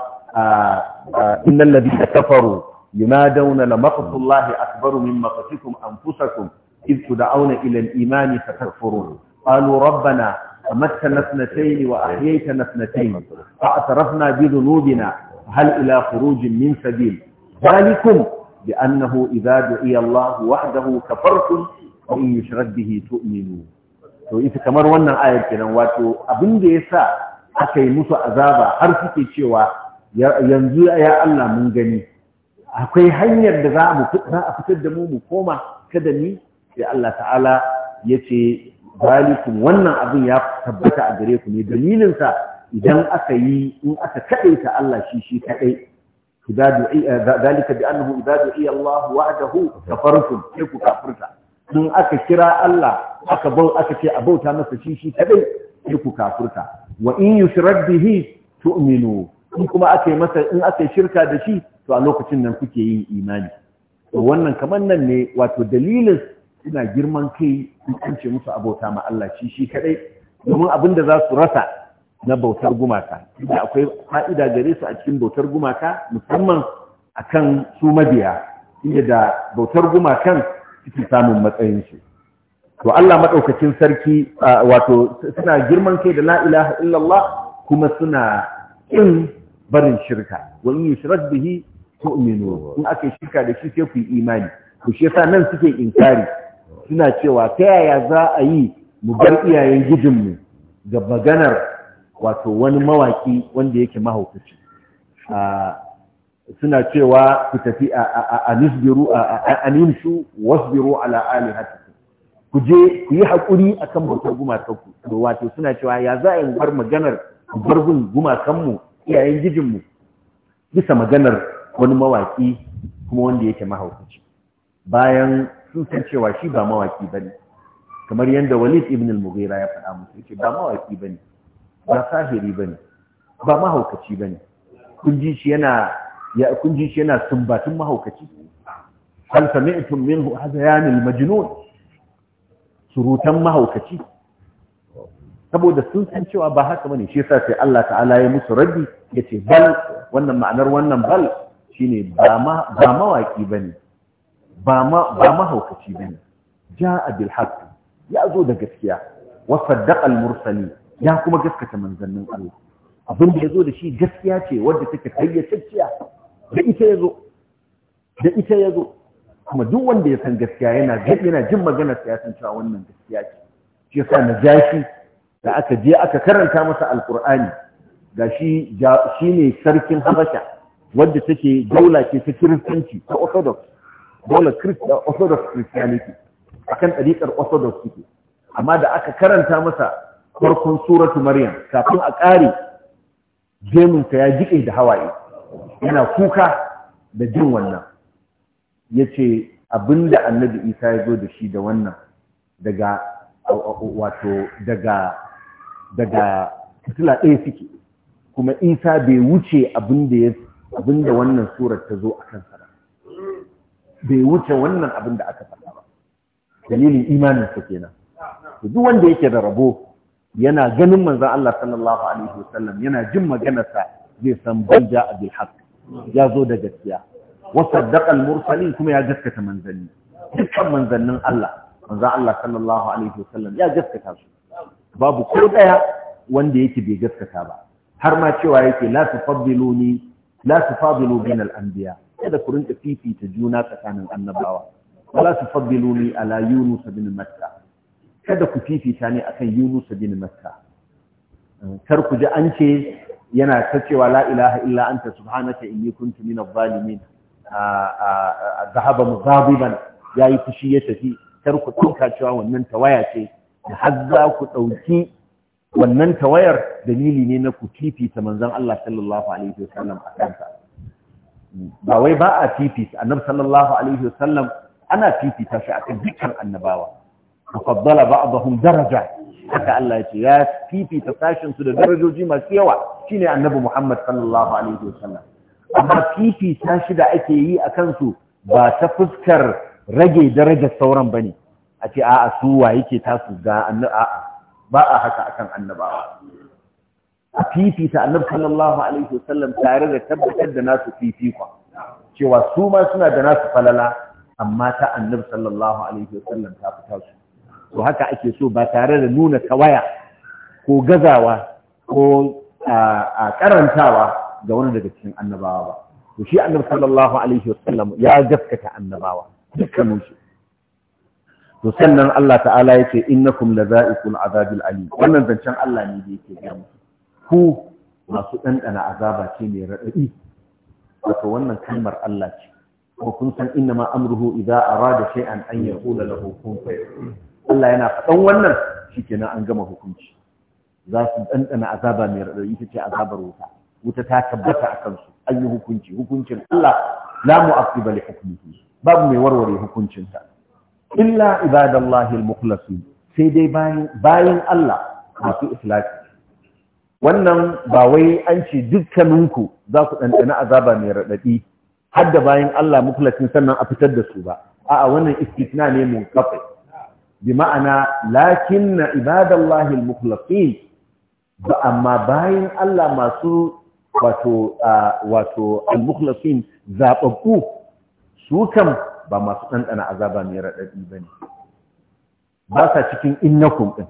inna alladhi takafaru yunadawna la maqtullahi akbaru min maqtikum anfusakum id tud'auna ila al-imani fatakfurun qalu rabbana amatna sanatayn wa ahyaytana sanatayn fa'tarafna bi dhunubina hal ila khurujin min sabil dhalikum bi annahu idha da'iya Allah wahdahu kafartum wa in yushrak bihi tu'minu to ita kamar wannan ayar kenan wato abin da yasa akai musu azaba har suke cewa yanzu ya Allah mun gani akwai hanyar da za a fitar da mu mu koma da ni sai Allah ta'ala ya ce zalikum wannan abin ya tabbata a gare ku ne dalilinsa idan aka yi in aka kaɗai ta Allah shi shi kaɗai eh, zalika bi annahu idza du'iya Allah wa'dahu kafartum sai ku kafirta in aka kira Allah aka bau aka ce a bauta masa shi shi kaɗai sai ku kafirta wa in yushrak bihi tu'minu in kuma aka yi masa in aka yi shirka da shi to a lokacin nan kuke yin imani to wannan kamar nan ne wato dalilin suna girman kai in an ce musu abota ma Allah shi shi kadai domin abin da za su rasa na bautar gumaka da akwai fa'ida gare su a cikin bautar gumaka musamman akan su mabiya inda da bautar gumakan suke samun matsayin shi to Allah madaukakin sarki wato suna girman kai da la ilaha illallah kuma suna in barin shirka wa in yushrak bihi tu'minu in aka yi shirka da shi sai ku yi imani ku shi yasa nan suke inkari suna cewa ta yaya za a yi mu bar iyayen gijinmu ga maganar wato wani mawaki wanda yake mahaukaci suna cewa ku tafi a nisbiru a nimshu wasbiru ala ku je ku yi hakuri akan bautar gumakanku wato suna cewa ya za a yi bar maganar bar gumakanmu iyayen jijinmu bisa maganar wani mawaƙi kuma wanda yake mahaukaci bayan sun san cewa shi ba mawaƙi ba ne kamar yadda walid ibn al-mughira ya faɗa musu yake ba mawaƙi ba ne ba sahiri ba ne ba mahaukaci ba ne kun ji shi yana sumbatun mahaukaci hal sami'tum minhu hazayanil majnun surutan mahaukaci saboda sun san cewa ba haka bane shi yasa sai Allah ta'ala ya musu rabbi? ya ce bal wannan ma'anar wannan bal shine ba mawaƙi ba ne ba mahaukaci ba ne ja a bilhassu ya zo da gaskiya wasaddaƙal mursali ya kuma gaskata manzannin Allah abin da ya zo da shi gaskiya ce wadda take kayyacacciya da ita ya zo da ita ya zo kuma duk wanda ya san gaskiya yana yana jin maganar ya san cewa wannan gaskiya ce shi yasa najashi da aka je aka karanta masa alqur'ani ga shi ne sarkin habasha wadda take daula ce ta kiristanci ta orthodox daular orthodox christianity akan ɗariƙar orthodox suke amma da aka karanta masa farkon suratu maryam kafin a ƙare jeminsa ya jiƙe da hawaye yana kuka da jin wannan ya ce abinda annabi isa ya zo da shi da wannan daga wato daga daga fitila ɗaya suke kuma isa bai wuce abin da wannan surar ta zo a kansa ba bai wuce wannan abin da aka faɗa ba dalilin imaninsa kenan duk wanda yake da rabo yana ganin manzon Allah sallallahu alaihi wasallam yana jin maganarsa zai san banja abil haqq ya zo da gaskiya wa saddaqa al mursalin kuma ya gaskata manzanni dukkan manzannin Allah manzon Allah sallallahu alaihi wasallam ya gaskata su babu ko daya wanda yake bai gaskata ba har ma cewa yake la tufaddiluni la tufadilu bin al-anbiya kada ku rinka fifita juna tsakanin annabawa wala tufaddiluni ala yunus bin makka, kada ku fifita ne akan yunus bin makka. kar ku ji an ce yana ta cewa la ilaha illa anta subhanaka inni kuntu min adh-dhalimin a zahaba mughadiban yayi fushi ya tafi kar ku tunka cewa wannan tawaya ce da har za ku dauki wannan tawayar dalili ne na ku fifita manzan Allah sallallahu alaihi wasallam a kansa ba wai ba a fifita annabi sallallahu alaihi wasallam ana fifita shi a kan dukkan annabawa ba faddala ba'dahum daraja haka Allah ya ce ya fifita sashin su da darajoji masu yawa Shi ne annabi Muhammad sallallahu alaihi wasallam amma fifita shi da ake yi a kansu ba ta fuskar rage darajar sauran ba ne. a ce a'a su wa yake tasu ga a'a ba a haka akan annabawa a fifita annabi sallallahu alaihi wasallam tare da tabbatar da nasu fifikwa cewa su ma suna da nasu falala amma ta annabi sallallahu alaihi wasallam ta fita su to haka ake so ba tare da nuna tawaya ko gazawa ko a karantawa ga wani daga cikin annabawa ba to shi annabi sallallahu alaihi wasallam ya gaskata annabawa dukkaninsu to sannan Allah ta'ala ce innakum laza'iqul azabil alim wannan zancen Allah ne da yake ga ku masu dandana azaba ce mai radadi wato wannan kalmar Allah ce ko kun san inna ma amruhu idza arada shay'an an yaqula lahu kun fayakun Allah yana faɗan wannan shikenan an gama hukunci za su dandana azaba mai radadi ita ce azabar wuta wuta ta tabbata akan su an yi hukunci hukuncin Allah la mu'aqqiba li hukmihi babu mai warware hukuncinsa illa ibadallahi al sai dai bayan Allah masu ikhlasi wannan ba wai an ce dukkaninku za ku ɗanɗana azaba mai raɗaɗi har da bayan Allah mukhlasin sannan a fitar da su ba a'a wannan istisna ne mun kafa bi ma'ana lakinna ibadallahi al-mukhlasin ba amma bayan Allah masu wato wato al-mukhlasin zababbu su ba masu ɗanɗana azaba mai raɗaɗi ba ne ba sa cikin innakum ɗin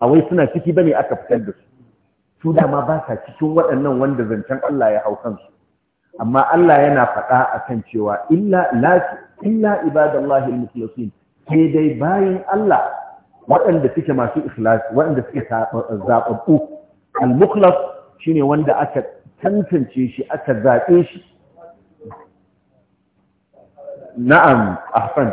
ba wai suna ciki ba ne aka fitar da su su dama ba sa cikin waɗannan wanda zancen Allah ya hau kansu amma Allah yana faɗa a kan cewa illa illa ibadallahi al-mukhlasin sai dai bayan Allah waɗanda suke masu ikhlas waɗanda suke zababbu al-mukhlas shine wanda aka tantance shi aka zaɓe shi na'am ahsan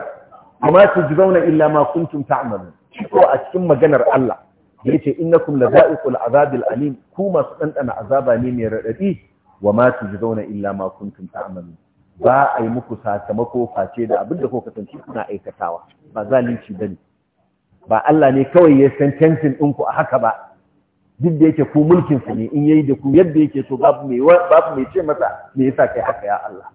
amma tujzauna illa ma kuntum ta'malun ko a cikin maganar Allah yace innakum laza'iqul azabil alim ku masu ɗanɗana azaba ne mai raɗaɗi wa ma zauna illa ma kuntum ta'malun ba a yi muku sakamako face da abin da kuka kasance kuna aikatawa ba zalunci bane ba Allah ne kawai ya san tensin ɗinku a haka ba duk da yake ku mulkinsa ne in yayi da ku yadda yake so babu babu mai ce masa me yasa kai haka ya Allah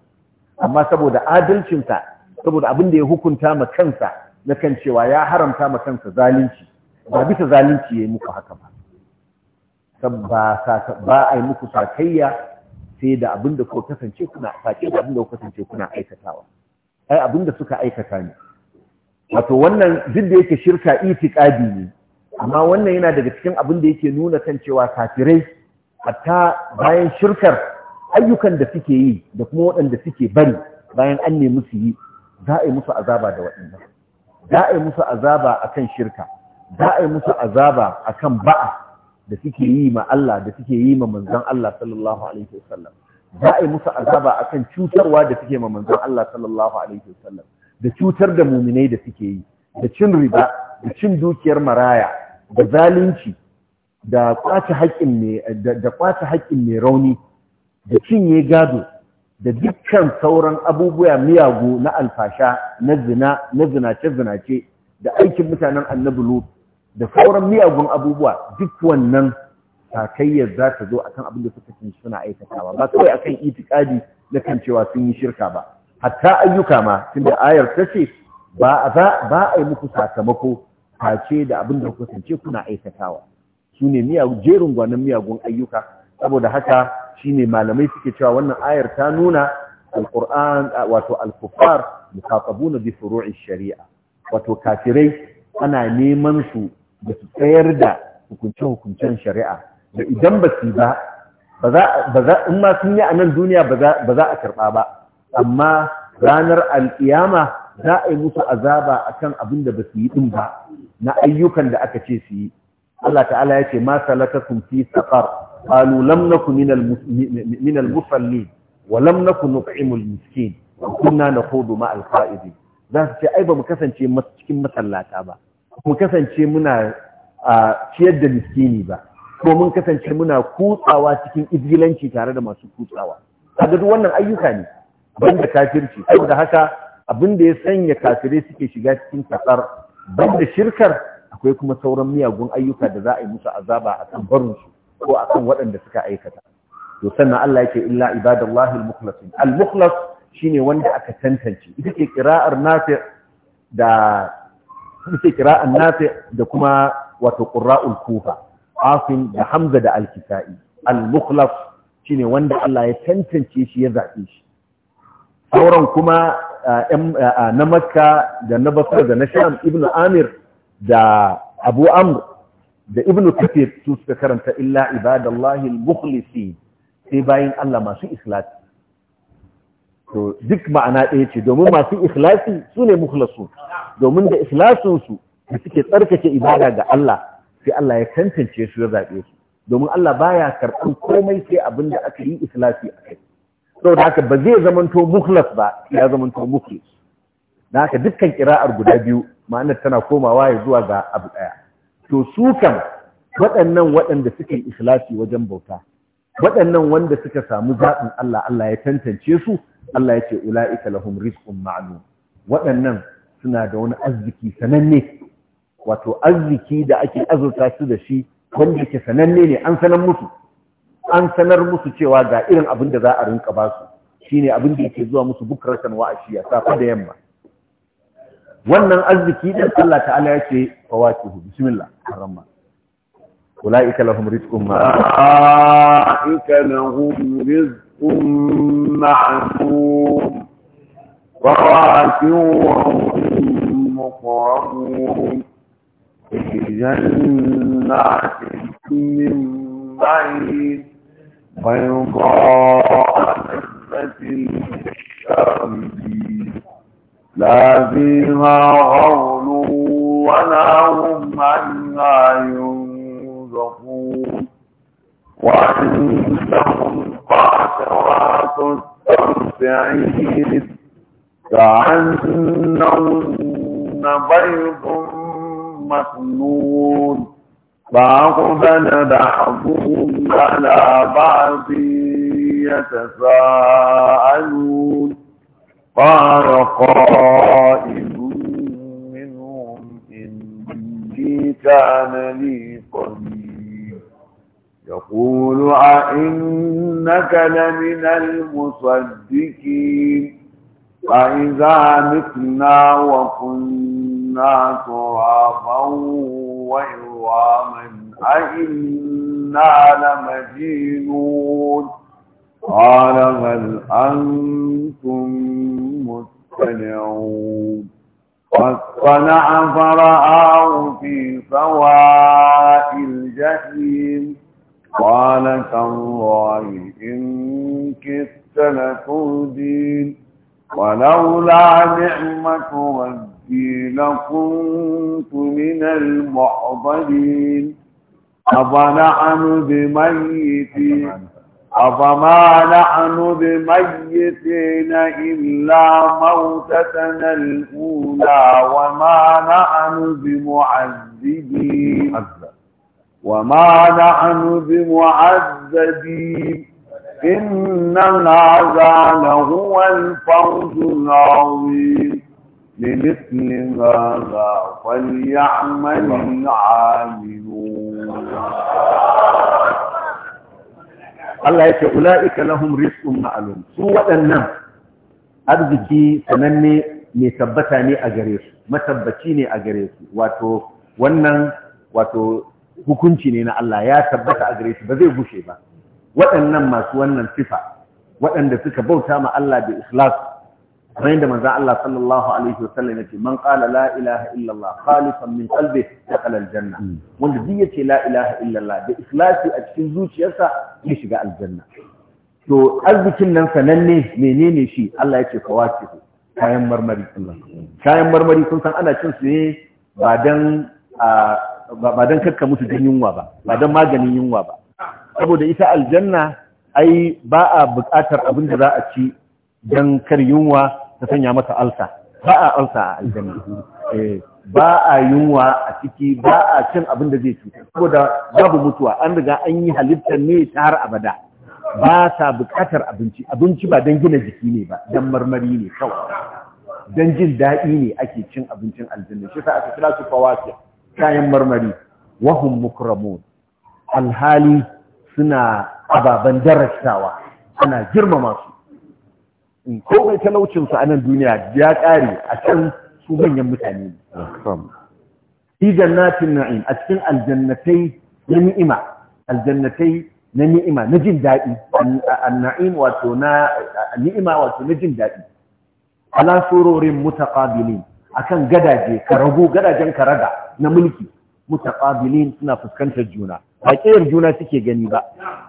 amma saboda adalcinsa saboda abin da ya hukunta ma kansa na kan cewa ya haramta ma kansa zalunci ba bisa zalunci ya yi muku haka ba ba a yi muku sakayya sai da abin da kuka kasance kuna sake da abin da kuka kasance kuna aikatawa ai abin da suka aikata ne wato wannan duk da yake shirka itikadi ne amma wannan yana daga cikin abin da yake nuna kan cewa kafirai hatta bayan shirkar ayyukan da suke yi da kuma waɗanda suke bari bayan an nemi su yi za a yi musu azaba da waɗannan za a yi musu azaba akan shirka za a yi musu azaba akan ba'a da suke yi ma Allah da suke yi ma manzan Allah sallallahu alaihi wasallam za a yi musu azaba akan cutarwa da suke ma manzan Allah sallallahu alaihi wasallam da cutar da muminai da suke yi da cin riba da cin dukiyar maraya da zalunci da kwace haƙƙin mai rauni da cinye gado da dukkan sauran abubuwa miyagu na alfasha na zina na zinace-zinace da aikin mutanen annabi lu da sauran miyagun abubuwa duk wannan takayyar za ta zo akan abin da suka cin suna aikatawa ba kawai akan itikadi na kan cewa sun yi shirka ba hatta ayyuka ma da ayar ta ce ba a yi muku sakamako face da abin da kuka kasance kuna aikatawa su ne jerin gwanin miyagun ayyuka saboda haka shine malamai suke cewa wannan ayar ta nuna alquran wato alkufar muqatabuna bi furu'i shari'a wato kafirai ana neman su da su tsayar da hukuncin hukuncen shari'a da idan ba su ba ba za in ma sun yi a nan duniya ba za a karɓa ba amma ranar alƙiyama za a yi musu azaba akan abin da ba su yi ɗin ba na ayyukan da aka ce su yi Allah ta'ala ya ce ma salakakum fi saqar قالوا لم نكن من من المصلين ولم نكن نطعم المسكين وكنا نخوض مع الخائضين ذا ce ai ba mu kasance cikin masallata ba mu kasance muna ciyar da miskini ba ko mun kasance muna kutsawa cikin izgilanci tare da masu kutsawa kaga duk wannan ayyuka ne banda kafirci saboda haka abin da ya sanya kafirai suke shiga cikin kasar banda shirkar akwai kuma sauran miyagun ayyuka da za a yi musu azaba a kan barinsu ko akan waɗanda suka aikata to sannan Allah yake illa ibadallahi al shi al shine wanda aka tantance ita ce qira'ar nafi da ita nafi da kuma wato qurra'ul kufa asim da hamza da Alkisa'i. Almuklaf shine wanda Allah ya tantance shi ya zabe shi sauran kuma na makka da na basra da na sham ibnu amir da abu amr da ibn kafir su suka karanta illa ibadallahi al-mukhlisi sai bayan Allah masu ikhlasi to duk ma'ana ɗaya ce domin masu ikhlasi su ne mukhlasu domin da ikhlasun su da suke tsarkake ibada ga Allah sai Allah ya tantance su ya zaɓe su domin Allah baya karɓar komai sai abin da aka yi ikhlasi a kai saboda haka ba zai zamanto mukhlas ba ya zamanto mukhlis da haka dukkan kira'ar guda biyu ma'anar tana komawa ya zuwa ga abu ɗaya to su kan waɗannan waɗanda suke yi ikhlasi wajen bauta waɗannan wanda suka samu zaɓin Allah Allah ya tantance su Allah ya ce ula'ika lahum rizqun ma'lum waɗannan suna da wani arziki sananne wato arziki da ake azurta su da shi wanda yake sananne ne an sanar musu an sanar musu cewa ga irin abin da za a rinka ba su shine abin da yake zuwa musu bukratan wa ashiya safa da yamma wannan arziki din Allah ta'ala ya ce fawatihu bismillah haramma ulaika lahum rizqun ma'a ulaika lahum rizqun ma'lum وَرَأَتُهُ مُقْرَبُونَ في جنات من بعيد بيضاء لذة للشاربين لا فيها غول ولا هم عنها ينزفون وعندهم قاسرات الطرف كأنهن بيض مكنون فأقبل بعضهم على بعض يتساءلون قال قائل منهم إني كان لي قريب يقول أئنك لمن المصدقين فإذا متنا وكنا ترابا وإرواما أئنا لمدينون قال هل أنتم مستمعون فاصطنع فرآه في سواء الجحيم قال تالله إن كدت لتردين ولولا نعمة ربي لكنت من المحضرين أفنعم بميتين أفما نحن بميتين إلا موتتنا الأولى وما نحن بمعذبين وما نحن بمعذبين إن هذا لهو الفوز العظيم لمثل هذا فليعمل العاملون Allah ya ce ula'ika lahum rizqun ma'lum su waɗannan arziki sananne ne tabbata ne a gare su matabbaci ne a gare su wato wannan wato hukunci ne na Allah ya tabbata a gare su ba zai gushe ba waɗannan masu wannan sifa waɗanda suka bauta ma Allah da ikhlas kamar yadda manzo Allah sallallahu alaihi wasallam yace man qala la ilaha illa Allah khalisan min qalbi dakhala aljanna mm. wanda duk yace la ilaha illa Allah da ikhlasi a cikin zuciyarsa ya shiga aljanna to arzikin nan sananne menene shi Allah yace fawasihu kayan marmari kayan marmari sun san ana cin su ne ba dan ba dan karka mutu dan yunwa ba ba dan maganin yunwa ba saboda ita aljanna ai ba a buƙatar abin da za a ci dan kar yunwa ta sanya masa alsa ba a alsa a aljanna eh, ba a yunwa a ciki ba a cin abin da zai cuta. saboda babu mutuwa an riga an yi halittar ne ta har abada ba sa bukatar abinci abinci ba don gina jiki ne ba don marmari ne kawai don jin daɗi ne ake cin abincin aljanna shi sa aka kira su fawasiya kayan marmari wahum mukramun alhali suna ababen darasawa ana girmama su ko mai talaucinsu a nan duniya ya ƙare a can su manyan mutane fi jannatin na'im a cikin aljannatai na ni'ima aljannatai na ni'ima na jin daɗi naim wato na ni'ima wato na jin daɗi ala sururin mutaqabilin akan gadaje karago gadajen karaga na mulki mutaqabilin suna fuskantar juna ba ƙiyar juna suke gani ba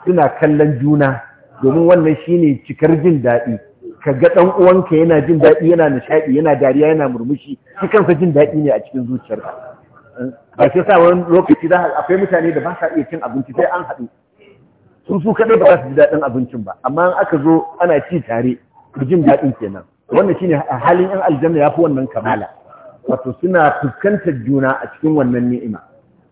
suna kallon juna domin wannan shine cikar jin daɗi ka ga ɗan uwanka yana jin daɗi yana nishaɗi yana dariya yana murmushi shi kansa jin daɗi ne a cikin zuciyarka ba shi sa wani lokaci za akwai mutane da ba sa iya cin abinci sai an haɗu sun su kaɗai ba za su ji daɗin abincin ba amma in aka zo ana ci tare ku jin daɗin kenan wannan shine a halin yan aljanna ya fi wannan kamala wato suna fuskantar juna a cikin wannan ni'ima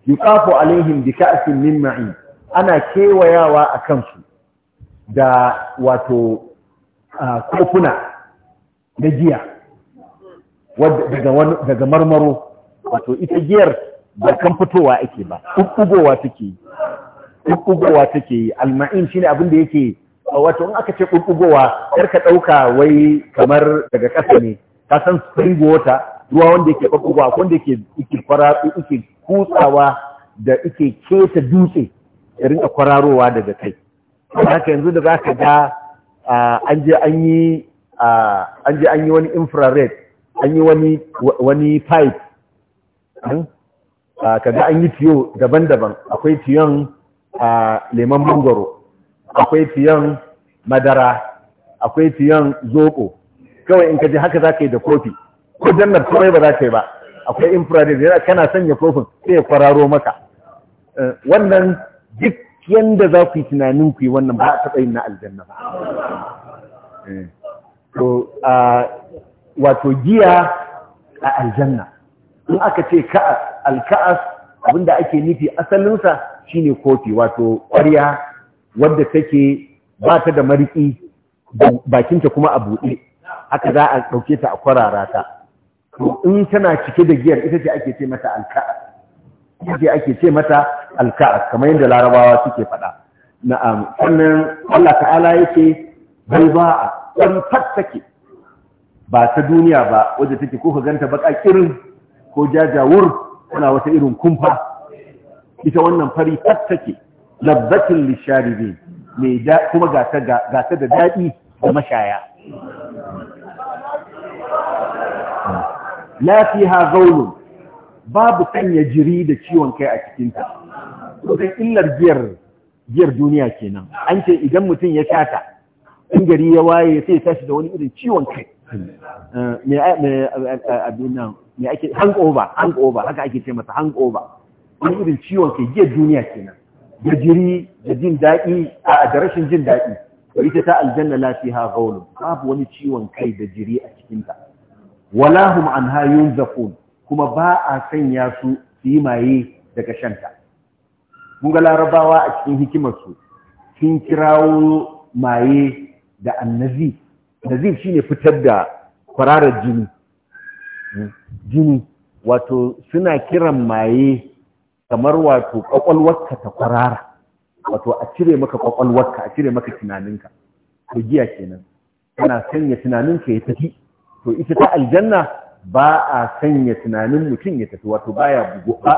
yuqafu alaihim bi ka'sin min ma'in ana kewayawa a kansu da wato kofuna na giya daga marmaro wato ita giyar ba kan fitowa ake ba ɓuɓɓugowa take yi ɓuɓɓugowa take yi alma'in shine abin da yake wato in aka ce ɓuɓɓugowa 'yar ka ɗauka wai kamar daga ƙasa ne ka san spring water ruwa wanda yake ko wanda yake ike kwararo ike kutsawa da ike keta dutse ya rinka kwararowa daga kai haka yanzu da za ka ga an je an yi wani infrared an yi wani pipe hmm? kaga an yi tiyo daban-daban akwai tiyon leman mangoro akwai tiyon madara akwai tiyon zoko kawai in ka je haka za ka yi da kofi ko jannar turai ba za ka yi ba akwai infrared yana kana sanya kofin sai ya kwararo maka eh, wannan duk yanda za ku yi tunanin ku yi wannan ba a taɓa yin na aljanna ba eh. wato giya a aljanna in aka ce ka'as alka'as abinda ake nufi asalinsa shine kofi wato ƙwarya wadda take ba ta da mariki bakinta kuma a buɗe haka za a ɗauke ta a kwarara ta in tana cike da giyar ita ce ake ce mata alka'as ita ake ce mata alka'a, kamar yadda larabawa suke faɗa na'am sannan Allah ta'ala yake balba'a dan fattake ba ta duniya ba wadda take ko ka ganta baka kirin ko jajawur tana wata irin kumfa ita wannan fari fattake labbatin lishari mai kuma gata da daɗi da mashaya la fiha gaulun babu sanya jiri da ciwon kai a cikinta kusan illar giyar giyar duniya kenan an ce idan mutum ya shata in gari ya waye sai ya tashi da wani irin ciwon kai eh, eh, eh, me ake hangover hangover haka ake ce masa hangover wani irin ciwon kai giyar duniya kenan da jiri da jin daɗi da rashin jin daɗi ita ta aljanna lafiya fiha babu wani ciwon kai da jiri a cikinta wala hum anha yunzafun kuma ba a sanya su su yi maye daga shanta mun ga larabawa a cikin hikimarsu sun kirawo maye da annazi nazif ne fitar da kwararar jini hmm. jini wato suna kiran maye kamar wato kwakwalwarka ta kwarara wato a cire maka kwakwalwarka a cire maka tunaninka to giya kenan tana sanya tunaninka ya tafi to ita ta aljanna ba a sanya tunanin mutum ya tafi wato ba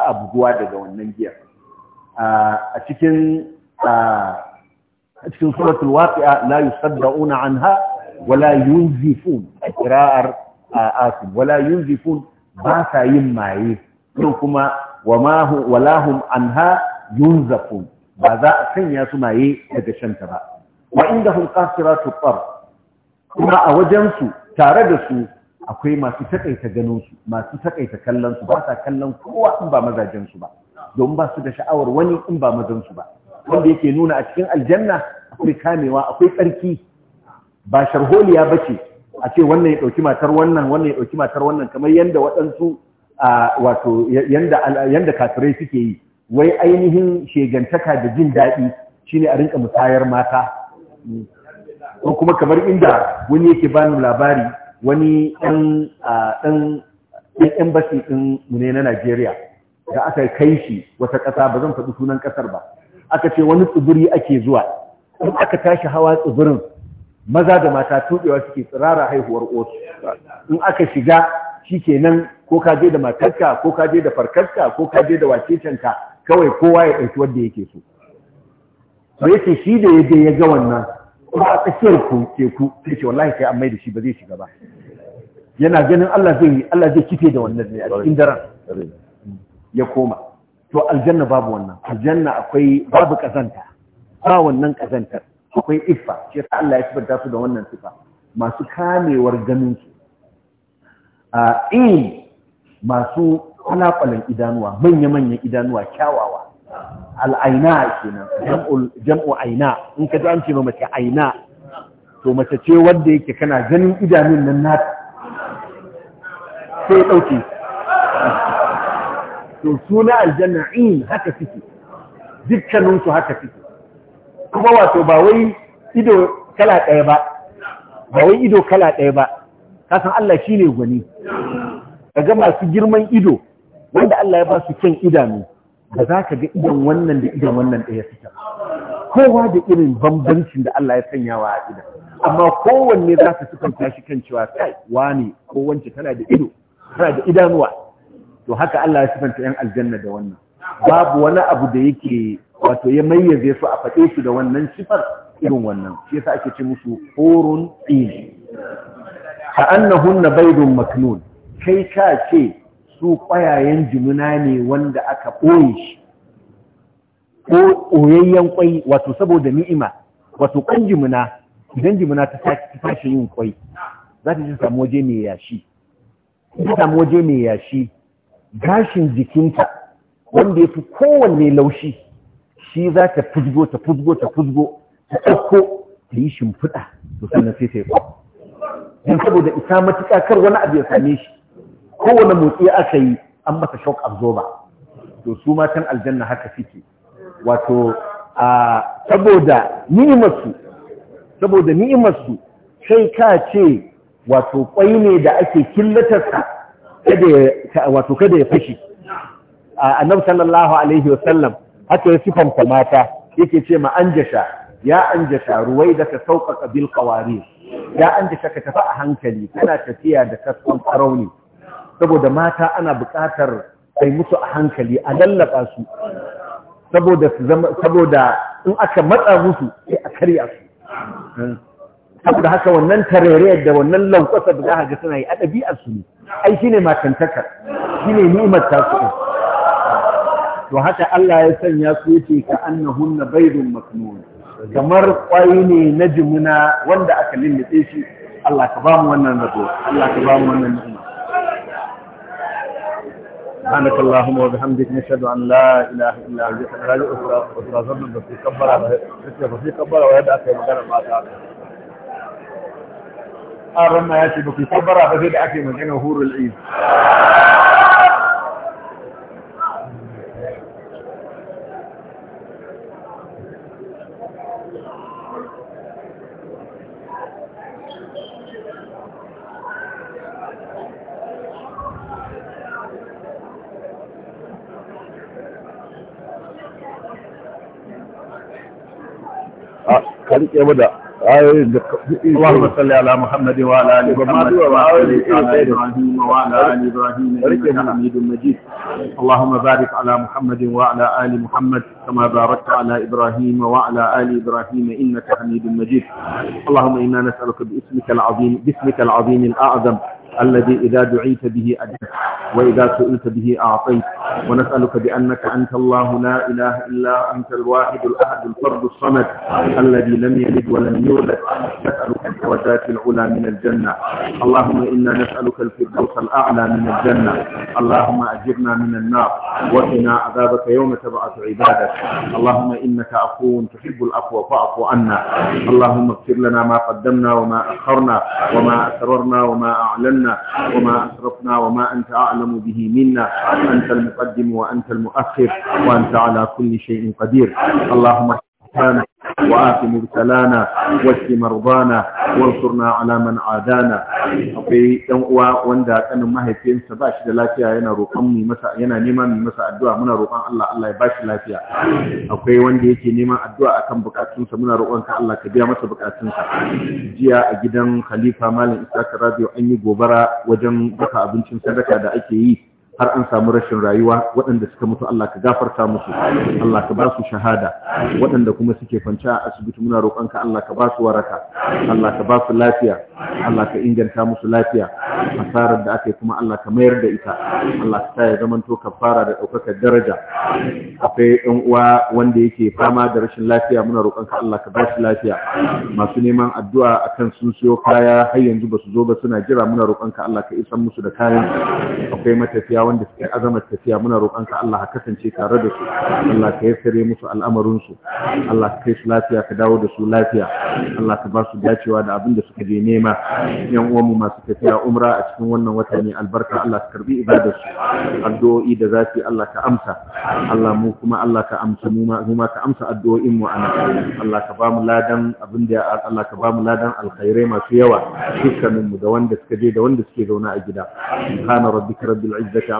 a buguwa daga wannan giyar a cikin a cikin suratul waqi'a la yusaddauna anha wala yunzifun qira'ar asim wala yunzifun ba sa yin maye ko kuma wama hu wala hum anha yunzafun ba za a sanya su maye daga shanta ba wa indahum qasiratu tar kuma a wajen su tare da su akwai masu taƙaita ganinsu, masu takaita kallonsu. su ba sa kallon kowa in ba mazajen ba don ba su da sha'awar wani in ba mazan ba wanda yake nuna a cikin aljanna akwai kamewa akwai tsarki ba sharholiya bace a ce wannan ya dauki matar wannan wannan ya dauki matar wannan kamar yanda waɗansu wato yanda yanda kafirai suke yi wai ainihin shegantaka da jin daɗi shine a rinka musayar mata ko kuma kamar inda wani yake bani labari wani ɗan basi embassy ɗin mu ne na Najeriya da aka kai shi wata ƙasa ba zan faɗi sunan ƙasar ba aka ce wani tsibiri ake zuwa in aka tashi hawa tsibirin maza da mata tuɗewa suke tsirara haihuwar otu in aka shiga shi kenan ko ka je da matarka ko ka je da farkarka ko ka je da wacecenka kawai kowa ya ɗauki wanda yake so. Sai shi da ya je ya ga wannan kuma a tsakiyar ku teku sai ce wallahi sai an mai da shi ba zai shiga ba yana ganin Allah zai Allah zai kife da wannan ne a cikin daren ya koma to aljanna babu wannan aljanna akwai babu kazanta ba wannan kazantar akwai iffa shi yasa Allah ya tabbata su da wannan sifa masu kamewar ganin su a in eh, masu kwalakwalan idanuwa manya-manyan idanuwa kyawawa al'aina kenan jam'u aina in ka ji an ce mace aina to mace ce wadda yake kana ganin idanun nan na, sai ɗauke to suna aljanna in haka suke dukkaninsu haka suke kuma wato ba wai ido kala ɗaya ba ba wai ido kala ɗaya ba kasan Allah shi ne gwani daga masu girman ido wanda Allah ya ba su kyan idanu ba za ka ga idan wannan da idan wannan ɗaya suke kowa da irin bambancin da Allah ya sanya wa a idan amma kowanne za ka suka shi kan cewa kai wani ko wancan tana da ido tana da idanuwa to haka Allah ya sifanta yan aljanna da wannan babu wani abu da yake wato ya mayyaze su a faɗe su da wannan sifar irin wannan shi yasa ake ce musu horon tsini ka annahunna don maknun kai ka ce su ƙwayayen jimina ne wanda aka ɓoye shi ko ɓoyayyen ƙwai wato saboda ni'ima wato ƙwan jimina idan jimina ta tashi yin ƙwai za ta ji samu waje mai yashi ta samu waje mai yashi gashin jikinta wanda ya fi kowanne laushi shi za ta fuzgo ta fuzgo ta fuzgo ta ɗauko ta yi shimfiɗa to sannan sai ta yi don saboda isa matuƙa kar wani abu ya same shi kowane motsi aka yi an masa shock absorber to su matan aljanna haka suke wato a saboda ni'imarsu saboda ni'imarsu sai ka ce wato kwai ne da ake killatarsa wato kada ya fashi annabi sallallahu alaihi sallam, haka ya sifanta mata yake ce ma anjasha ya anjasha ruwai da ka sauƙaƙa bil qawari ya anjasha ka tafi a hankali kana tafiya da kaskon farauni saboda mata ana buƙatar ai musu a hankali a lallaba su saboda in aka matsa musu sai a karya su saboda haka wannan tarerayar da wannan lankwasa da za a ga suna yi a ɗabi'ar su ne ai shine matantakar shine ni'imar ta su to haka Allah ya sanya su yace ka annahunna bairin maknun kamar kwai ne na jimuna wanda aka lullube shi Allah ka ba mu wannan rabo Allah ka ba mu wannan ni'ima سبحانك اللهم وبحمدك نشهد ان لا اله الا انت لا نستغفرك ظن اليك كبر على في كبر ويدعك آه، يا مغرب ما تعالى قال ياتي بك كبر على عكي من عين وهور العيد ka rike mu da ayoyin da Allahumma salli ala Muhammad wa ala ali Muhammad wa ala ali Ibrahim wa ala ali Ibrahim innaka Hamidum Majid Allahumma barik ala Muhammad wa ala ali Muhammad kama barakta ala Ibrahim wa ala ali Ibrahim innaka Hamidum Majid Allahumma inna nas'aluka bi ismika al-azim bi ismika al-azim al-a'zam الذي إذا دعيت به أجبت وإذا سئلت به أعطيت ونسألك بأنك أنت الله لا إله إلا أنت الواحد الأحد الفرد الصمد الذي لم يلد ولم يولد نسألك الدرجات العلى من الجنة اللهم إنا نسألك الفردوس الأعلى من الجنة اللهم أجرنا من النار وقنا عذابك يوم تبعث عبادك اللهم إنك عفو تحب العفو فاعف عنا اللهم اغفر لنا ما قدمنا وما أخرنا وما أسررنا وما أعلنا وما أسرفنا وما أنت أعلم به منا أنت المقدم وأنت المؤخر وأنت على كل شيء قدير اللهم إحسانا وآت مبتلانا واشف مرضانا وانصرنا على من عادانا akwai ɗan uwa wanda kanin mahaifinsa ba shi da lafiya yana roƙon mu masa yana neman mu masa addu'a muna roƙon Allah Allah ya ba shi lafiya akwai wanda yake neman addu'a akan bukatunsa muna roƙon ka Allah ka biya masa bukatunsa jiya a gidan Khalifa Malam Isa Radio an yi gobara wajen baka abincin sadaka da ake yi har an samu rashin rayuwa waɗanda suka mutu Allah ka gafarta musu Allah ka ba su shahada waɗanda kuma suke kwance a asibiti muna roƙonka Allah ka ba su waraka Allah ka ba su lafiya Allah ka inganta musu lafiya asarar da aka yi kuma Allah ka mayar da ita Allah ka ya ya zamanto kafara da ɗaukakar daraja akwai ɗan uwa wanda yake fama da rashin lafiya muna roƙonka Allah ka ba su lafiya masu neman addu'a akan sun siyo kaya har yanzu ba su zo ba suna jira muna roƙonka Allah ka isar musu da kayan akwai matafiya wanda suke azamar tafiya muna roƙonka Allah ka kasance tare da su Allah ka yassare musu al'amarin Allah ka kai su lafiya ka dawo da su lafiya Allah ka ba su dacewa da abin da suka je nema yan uwan mu masu tafiya umra a cikin wannan wata ne albarka Allah ka karbi ibadar su addu'o'i da za su Allah ka amsa Allah mu kuma Allah ka amsa mu ma ka amsa addu'o'in mu ana Allah ka ba mu ladan abin da Allah ka ba mu ladan alkhairai masu yawa dukkanin mu da wanda suka je da wanda suke zauna a gida subhana rabbika rabbil izzati